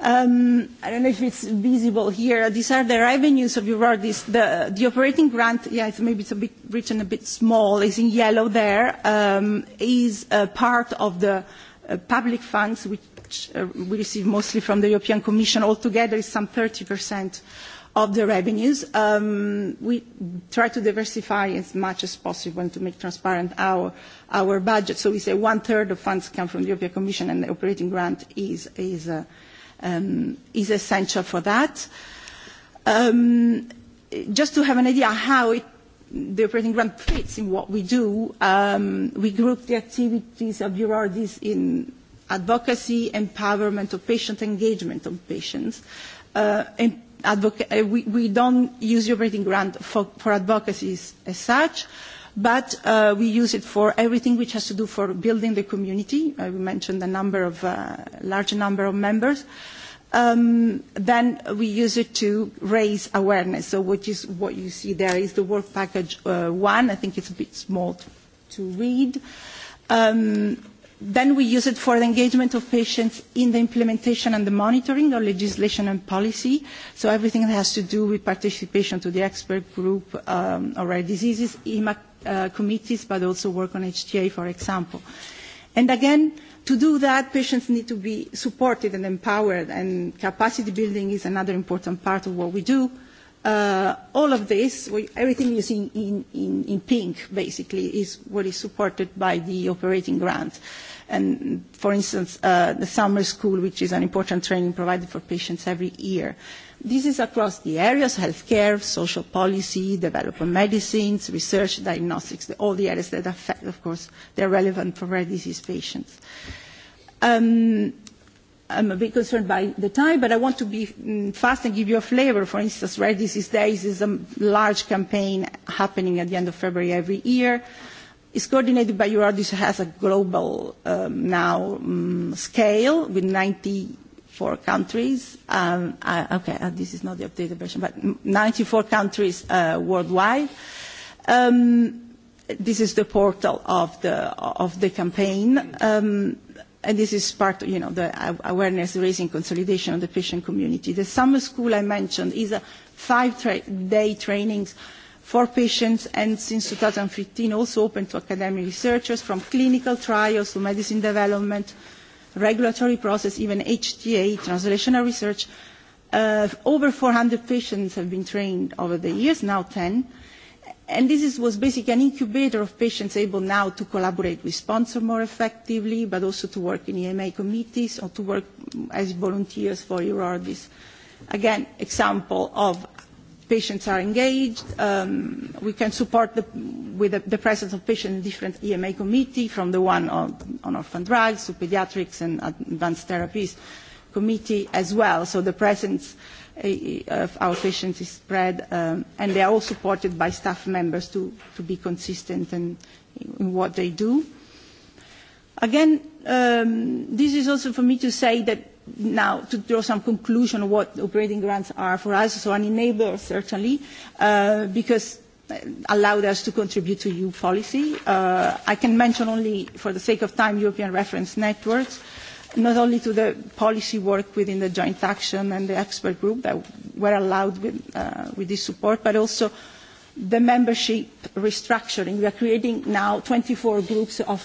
Um, I don't know if it's visible here. These are the revenues of Eurordis. The, operating grant, yeah, it's maybe it's a bit written a bit small, is in yellow there, um, is a part of the uh, public funds which uh, we receive mostly from the European Commission. Altogether it's some 30% of the revenues. Um, we try to diversify as much as possible and to make transparent our, our budget. So we say one-third of funds come from the European Commission and the operating grant is, is uh, um, is essential for that. Um, just to have an idea how it, the operating grant fits in what we do, um, we group the activities of urologists in advocacy, empowerment of patient engagement of patients. Uh, and advoca- uh, we, we don't use the operating grant for, for advocacies as such but uh, we use it for everything which has to do for building the community. Uh, we mentioned a number of uh, large number of members. Um, then we use it to raise awareness. So what you, what you see there is the work package uh, one. I think it's a bit small to, to read. Um, then we use it for the engagement of patients in the implementation and the monitoring of legislation and policy. So everything that has to do with participation to the expert group um, on rare diseases, IMAC Uh, committees, but also work on HTA, for example. And again, to do that, patients need to be supported and empowered, and capacity building is another important part of what we do. Uh, all of this, we, everything you see in, in, in pink, basically, is what is supported by the operating grant. Uh, and for instance, uh, the summer school, which is an important training provided for patients every year. This is across the areas, healthcare, social policy, development medicines, research, diagnostics, all the areas that affect, of course, they're relevant for rare disease patients. Um, I'm a bit concerned by the time, but I want to be mm, fast and give you a flavor. For instance, Rare Disease Days is a large campaign happening at the end of February every year is coordinated by Eurodis, has a global um, now um, scale with 94 countries. Um, uh, okay, uh, this is not the updated version, but 94 countries uh, worldwide. Um, this is the portal of the, of the campaign. Um, and this is part of you know, the awareness raising consolidation of the patient community. The summer school I mentioned is a five-day tra training for patients and since 2015 also open to academic researchers from clinical trials to medicine development, regulatory process, even HTA, translational research. Uh, over 400 patients have been trained over the years, now 10. And this is, was basically an incubator of patients able now to collaborate with sponsors more effectively, but also to work in EMA committees or to work as volunteers for EURORDIS. Again, example of patients are engaged. Um, we can support the, with the, the, presence of patients in different EMA committee, from the one on, on orphan drugs to pediatrics and advanced therapies committee as well. So the presence eh, eh, of our patients is spread, um, and they are all supported by staff members to, to be consistent in, in what they do. Again, um, this is also for me to say that now to draw some conclusion on what operating grants are for us, so an enabler certainly, uh, because uh, allowed us to contribute to EU policy. Uh, I can mention only, for the sake of time, European reference networks, not only to the policy work within the joint action and the expert group that were allowed with, uh, with this support, but also the membership restructuring. We are creating now 24 groups of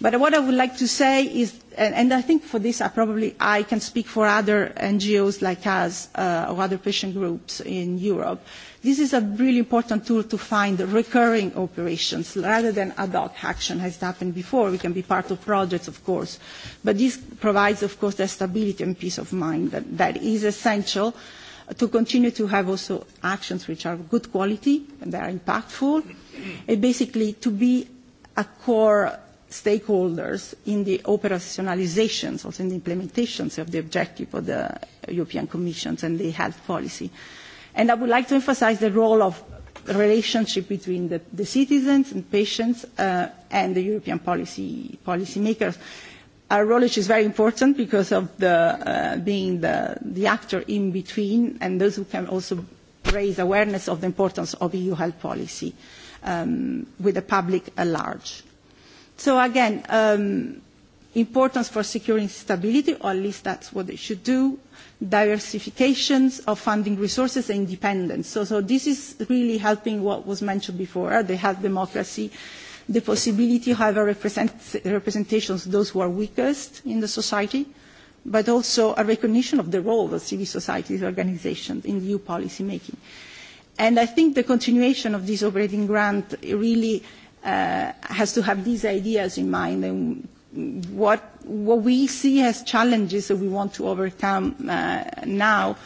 But what I would like to say is, and, and I think for this I probably I can speak for other NGOs like us uh, or other patient groups in Europe, this is a really important tool to find recurring operations rather than ad hoc action has happened before. We can be part of projects, of course, but this provides, of course, the stability and peace of mind that, that is essential to continue to have also actions which are good quality and they are impactful, and basically to be a core stakeholders in the operationalizations, also in the implementations of the objective of the European Commission and the health policy. And I would like to emphasize the role of the relationship between the, the citizens and patients uh, and the European policy, policymakers, makers. Our role is very important because of the, uh, being the, the actor in between and those who can also raise awareness of the importance of EU health policy um, with the public at large. So again, um, importance for securing stability, or at least that's what they should do, diversifications of funding resources and independence. So, so this is really helping what was mentioned before, the health democracy, the possibility of having represent, representations of those who are weakest in the society, but also a recognition of the role of civil society organisations in EU policy making. And I think the continuation of this operating grant really uh, has to have these ideas in mind and what, what we see as challenges that we want to overcome uh, now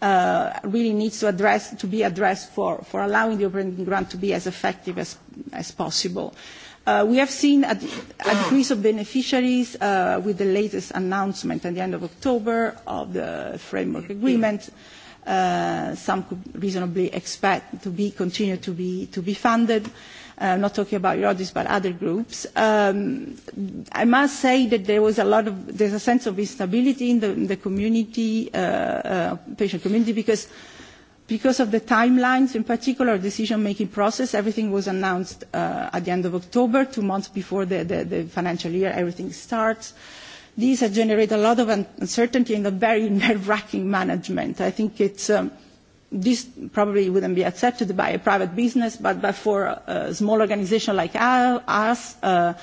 uh, really needs to, address, to be addressed for, for allowing the operating grant to be as effective as, as possible. Uh, we have seen a, a decrease of beneficiaries uh, with the latest announcement at the end of October of the framework agreement. Uh, some could reasonably expect to be, continue to be, to be funded. Uh, I'm uh, not talking about Eurodis, but other groups. Um, I must say that there was a lot of, there's a sense of instability in the, in the community, uh, uh, patient community, because because of the timelines, in particular decision-making process, everything was announced uh, at the end of October, two months before the, the, the financial year, everything starts. These have generated a lot of uncertainty and a very nerve-wracking [laughs] management. I think it's, um, this probably wouldn't be accepted by a private business, but, but for a small organization like us, uh,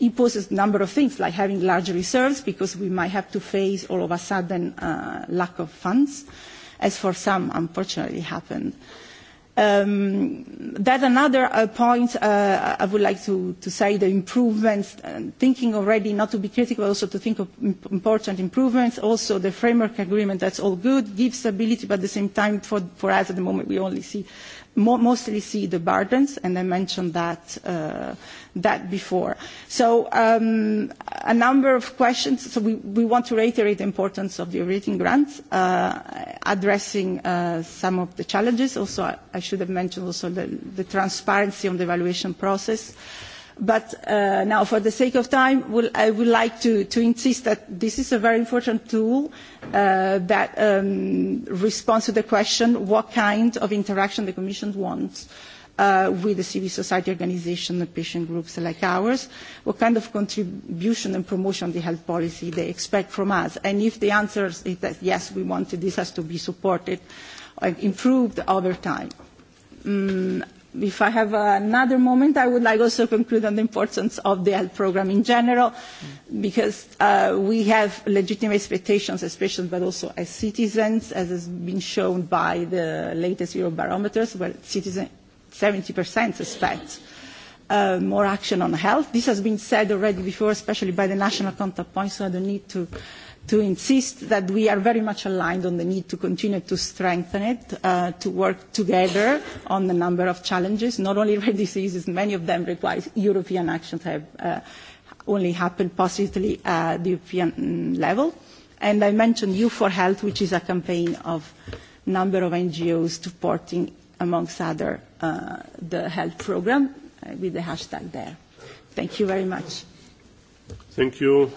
it poses a number of things, like having large reserves, because we might have to face all of a sudden uh, lack of funds, as for some unfortunately happened. Uh, Um, that another uh, point uh, I would like to, to say the improvements, uh, thinking already not to be critical, also to think of important improvements. Also the framework agreement, that's all good, gives stability, but at the same time for, for us at the moment we only see mostly see the burdens, and I mentioned that, uh, that before. So um, a number of questions. So we, we want to reiterate the importance of the rating grants, uh, addressing uh, some of the challenges. Also, I, I should have mentioned also the, the transparency on the evaluation process. Uh, But uh, now, for the sake of time, we'll, I would like to, to, insist that this is a very important tool uh, that um, responds to the question what kind of interaction the Commission wants uh, with the civil society organization and patient groups like ours, what kind of contribution and promotion of the health policy they expect from us. And if the answer is that yes, we want it, this has to be supported and improved over time. Um, if I have another moment, I would like also to conclude on the importance of the health program in general, because uh, we have legitimate expectations as patients, but also as citizens, as has been shown by the latest Eurobarometers, where citizens 70% expect uh, more action on health. This has been said already before, especially by the national contact points, so I don't need to to insist that we are very much aligned on the need to continue to strengthen it, uh, to work together on the number of challenges, not only [laughs] rare diseases, many of them require European action have uh, only happened positively at the European mm, level. And I mentioned You for Health, which is a campaign of a number of NGOs supporting, amongst other, uh, the health program uh, with the hashtag there. Thank you very much. Thank you.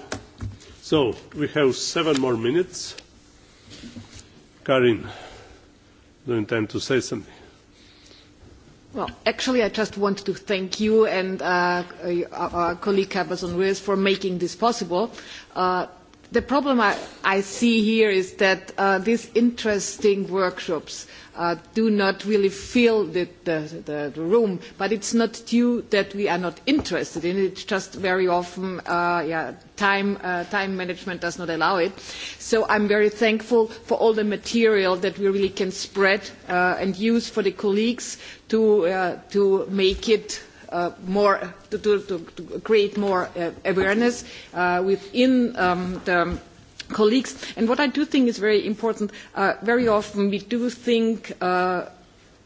So we have seven more minutes. Karin, do you intend to say something? Well, actually, I just want to thank you and uh, our colleague Cabazon Ruiz for making this possible. Uh, the problem I, I see here is that uh, these interesting workshops uh, uh, do not really fill the, the, the, room. But it's not due that we are not interested in it. It's just very often uh, yeah, time, uh, time management does not allow it. So I'm very thankful for all the material that we really can spread uh, and use for the colleagues to, uh, to make it Uh, more to, to, to, create more uh, awareness uh, within um, the colleagues. And what I do think is very important, uh, very often we do think uh,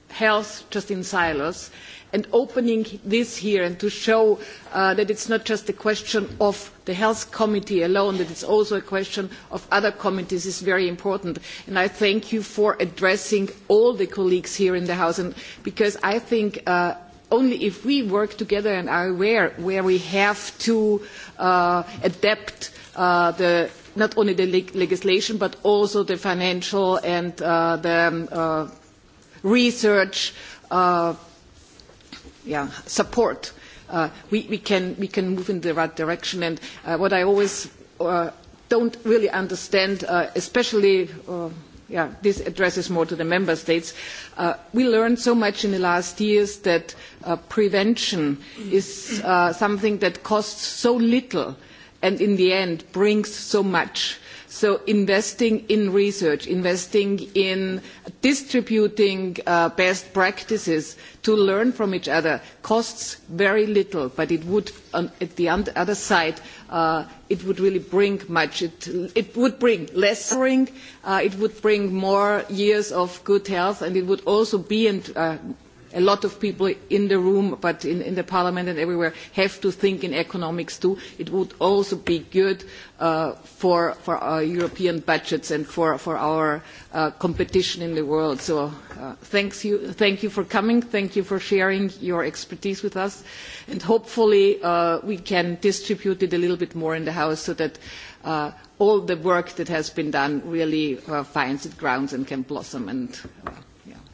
health just in silos, and opening this here and to show uh, that it's not just a question of the health committee alone, that it's also a question of other committees is very important. And I thank you for addressing all the colleagues here in the House, and because I think uh, only if we work together and are aware where we have to uh, adapt uh, the not only the leg legislation but also the financial and uh, the uh, research uh, yeah, support. Uh, we, we, can, we can move in the right direction. And what I always don't really understand, especially yeah, this addresses more to the member states. Uh, we learned so much in the last years that uh, prevention is uh, something that costs so little and in the end brings so much. So investing in research, investing in distributing uh, best practices to learn from each other costs very little, but it would, on, at the other side, uh, it would really bring much. It, it would bring less suffering, uh, it would bring more years of good health, and it would also be, and uh, a lot of people in the room, but in, in, the parliament and everywhere, have to think in economics too. It would also be good uh, for, for our European budgets and for, for our uh, competition in the world. So uh, thanks you, thank you for coming. Thank you for sharing your expertise with us. And hopefully uh, we can distribute it a little bit more in the House so that uh, all the work that has been done really uh, finds its grounds and can blossom. And,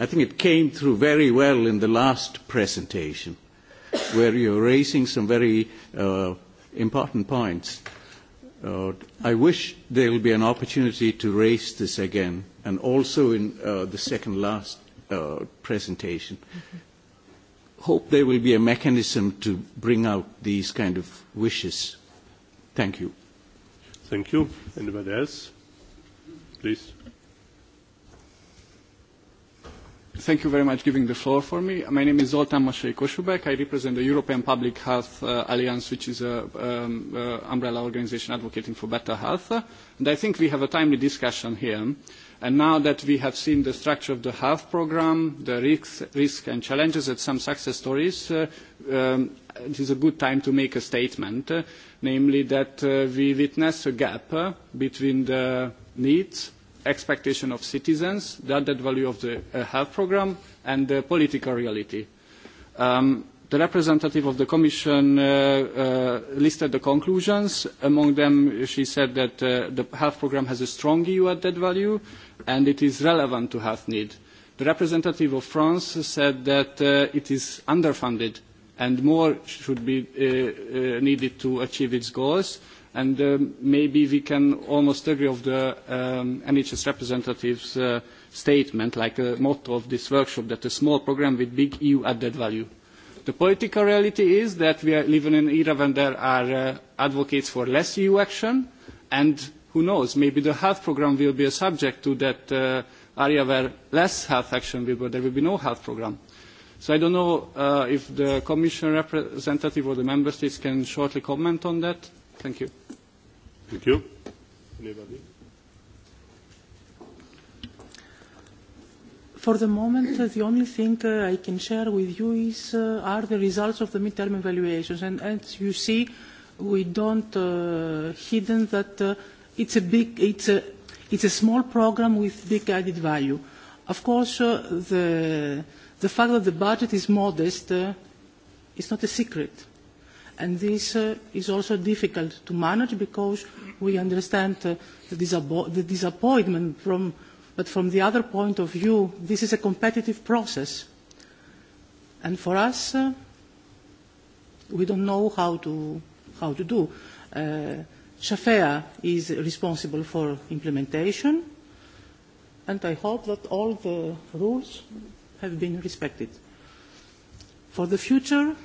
I think it came through very well in the last presentation, where you're raising some very uh, important points. Uh, I wish there will be an opportunity to raise this again, and also in uh, the second last uh, presentation. Mm -hmm. Hope there will be a mechanism to bring out these kind of wishes. Thank you. Thank you. Anybody else? Please. Thank you very much for giving the floor for me. My name is Zoltán Masai Kosubek. I represent the European Public Health uh, Alliance, which is an uh, um, uh, umbrella organization advocating for better health. And I think we have a timely discussion here. And now that we have seen the structure of the health program, the risks risk and challenges and some success stories, uh, um, it is a good time to make a statement, uh, namely that uh, we witness a gap between the needs expectation of citizens, the added value of the uh, health programme, and the political reality. Um, the representative of the Commission uh, uh, listed the conclusions. Among them, she said that uh, the health programme has a strong EU added value, and it is relevant to health need. The representative of France said that uh, it is underfunded, and more should be uh, needed to achieve its goals and uh, maybe we can almost agree of the um, NHS representatives uh, statement, like a motto of this workshop, that a small program with big EU added value. The political reality is that we are living in an era when there are uh, advocates for less EU action, and who knows, maybe the health program will be a subject to that uh, area where less health action will be, but there will be no health program. So I don't know uh, if the Commission representative or the Member States can shortly comment on that. Thank you. Thank you. Anybody? For the moment, uh, the only thing uh, I can share with you is, uh, are the results of the midterm evaluations. And as you see, we don't uh, hidden that uh, it's a big, it's a, it's a small program with big added value. Of course, uh, the, the fact that the budget is modest uh, is not a secret And this uh, is also difficult to manage because we understand uh, the, the disappointment from, but from the other point of view, this is a competitive process. And for us, uh, we don't know how to, how to do. Uh, Shafea is responsible for implementation, and I hope that all the rules have been respected. For the future,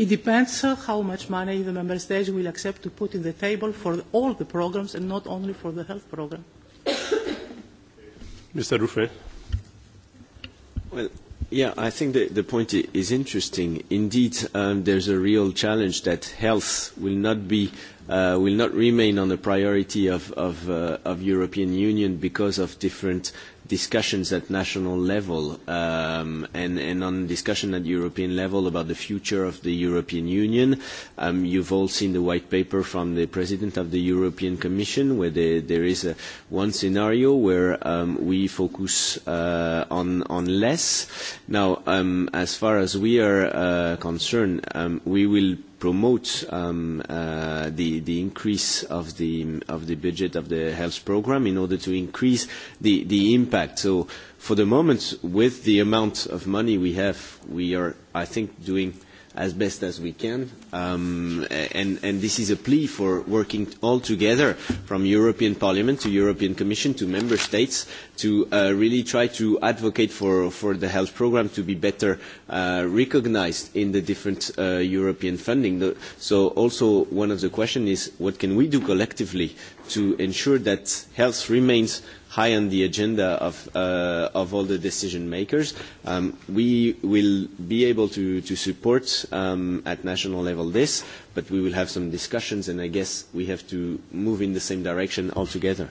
It depends uh, how much money the member states will accept to put in the table for all the programs and not only for the health program. [coughs] Mr. Ruffet. Well, yeah, I think the, the point is interesting. Indeed, um, there's a real challenge that health will not be uh, will not remain on the priority of of, uh, of European Union because of different discussions at national level um, and, and, on discussion at European level about the future of the European Union. Um, you've all seen the white paper from the President of the European Commission where they, there is a, one scenario where um, we focus uh, on, on, less. Now, um, as far as we are uh, concerned, um, we will promote um, uh, the, the increase of the, of the budget of the health program in order to increase the, the impact. So for the moment, with the amount of money we have, we are, I think, doing – as best as we can. Um, and, and, this is a plea for working all together from European Parliament to European Commission to Member States to uh, really try to advocate for, for the health programme to be better uh, recognised in the different uh, European funding. So also one of the questions is what can we do collectively to ensure that health remains high on the agenda of, uh, of all the decision makers. Um, we will be able to, to support um, at national level this, but we will have some discussions, and I guess we have to move in the same direction altogether.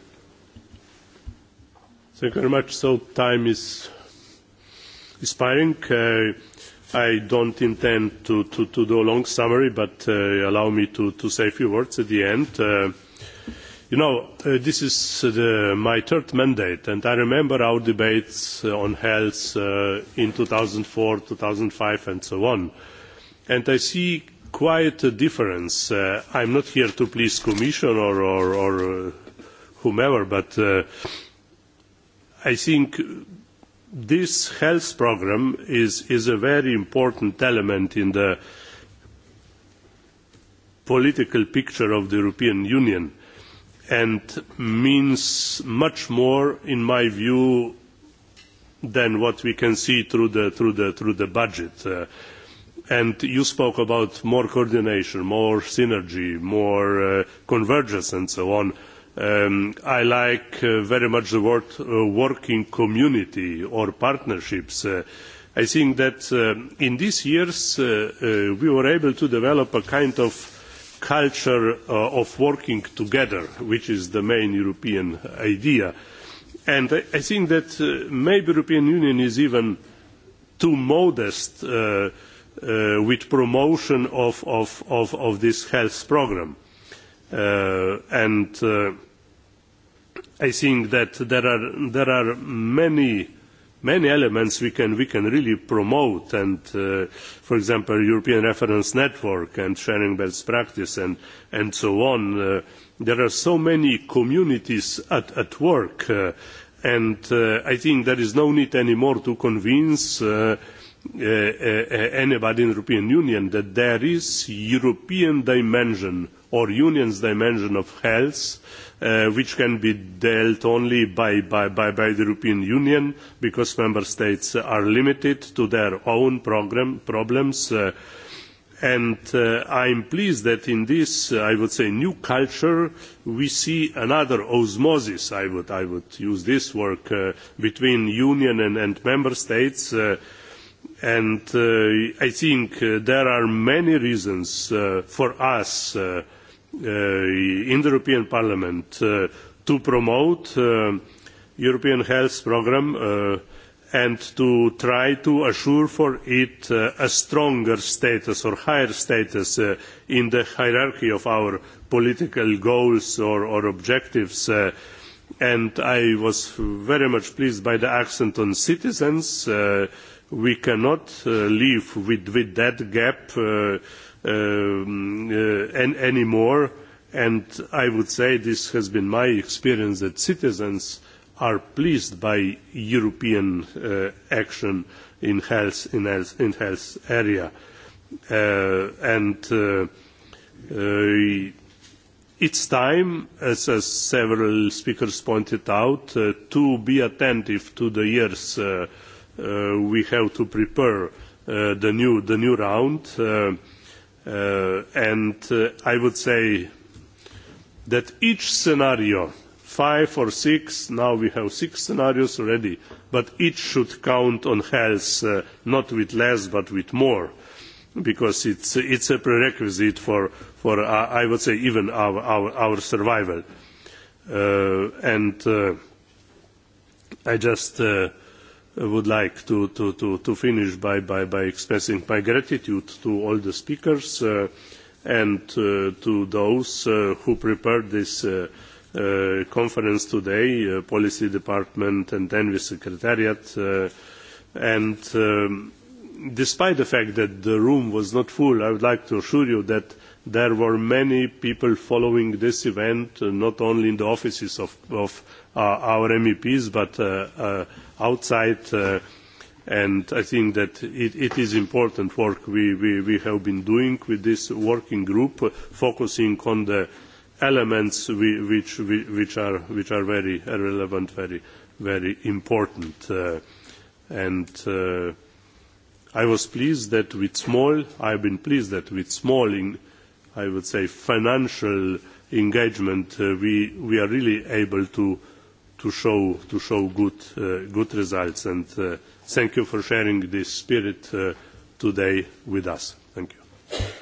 Thank you very much. So time is expiring. Uh, I don't intend to, to, to do a long summary, but uh, allow me to, to say a few words at the end. Uh, You know, uh, this is uh, my third mandate, and I remember our debates uh, on health in 2004, 2005, and so on. And I see quite a difference. i I'm not here to please Commission or, whomever, but I think this health programme is a very important element in the political picture of the European Union and means much more, in my view, than what we can see through the, through the, through the budget. Uh, and you spoke about more coordination, more synergy, more uh, convergence and so on. Um, I like uh, very much the word uh, working community or partnerships. Uh, I think that uh, in these years we were able to develop a kind of culture uh, of working together, which is the main European idea. And I, I think that uh, maybe the European Union is even too modest uh, uh, with promotion of, of, of, of this health programme. Uh, and uh, I think that there are, there are many many elements we can, we can really promote and uh, for example european reference network and sharing best practice and, and so on uh, there are so many communities at, at work uh, and uh, i think there is no need anymore to convince uh, uh, anybody in the european union that there is a european dimension or union's dimension of health, uh, which can be dealt only by, by, by, the European Union because member states are limited to their own program, problems. Uh, and uh, I'm pleased that in this, I would say, new culture, we see another osmosis, I would, I would use this word, uh, between union and, and member states uh, and uh, I think uh, there are many reasons uh, for us uh, Uh, in the European Parliament uh, to promote the uh, European Health Programme and to try to assure for it a stronger status or higher status in the hierarchy of our political goals or, objectives. and I was very much pleased by the accent on citizens. we cannot live with, with, that gap. Um, uh, any more and i would say this has been my experience that citizens are pleased by european uh, action in health in health, in health area uh, and uh, uh, it's time as, as several speakers pointed out uh, to be attentive to the years uh, uh, we have to prepare uh, the new the new round uh, Uh, and uh, I would say that each scenario, five or six, now we have six scenarios already, but each should count on health, uh, not with less, but with more, because it's, it's a prerequisite for, for I would say, even our, our, our survival. and I just would like to, finish by, expressing my gratitude to all the speakers uh, and uh, to those uh, who prepared this conference today, Policy Department and envi Secretariat. and um, despite the fact that the room was not full, I would like to assure you that there were many people following this event, not only in the offices of our MEPs, but outside. Uh, and I think that it, it is important work we, we, we have been doing with this working group, uh, focusing on the elements we, which, which, are, which are very relevant, very, very important. Uh, and uh, I was pleased that with small, I've been pleased that with small, in, I would say, financial engagement, uh, we, we are really able to to show, to show good, uh, good results. And uh, thank you for sharing this spirit uh, today with us. Thank you.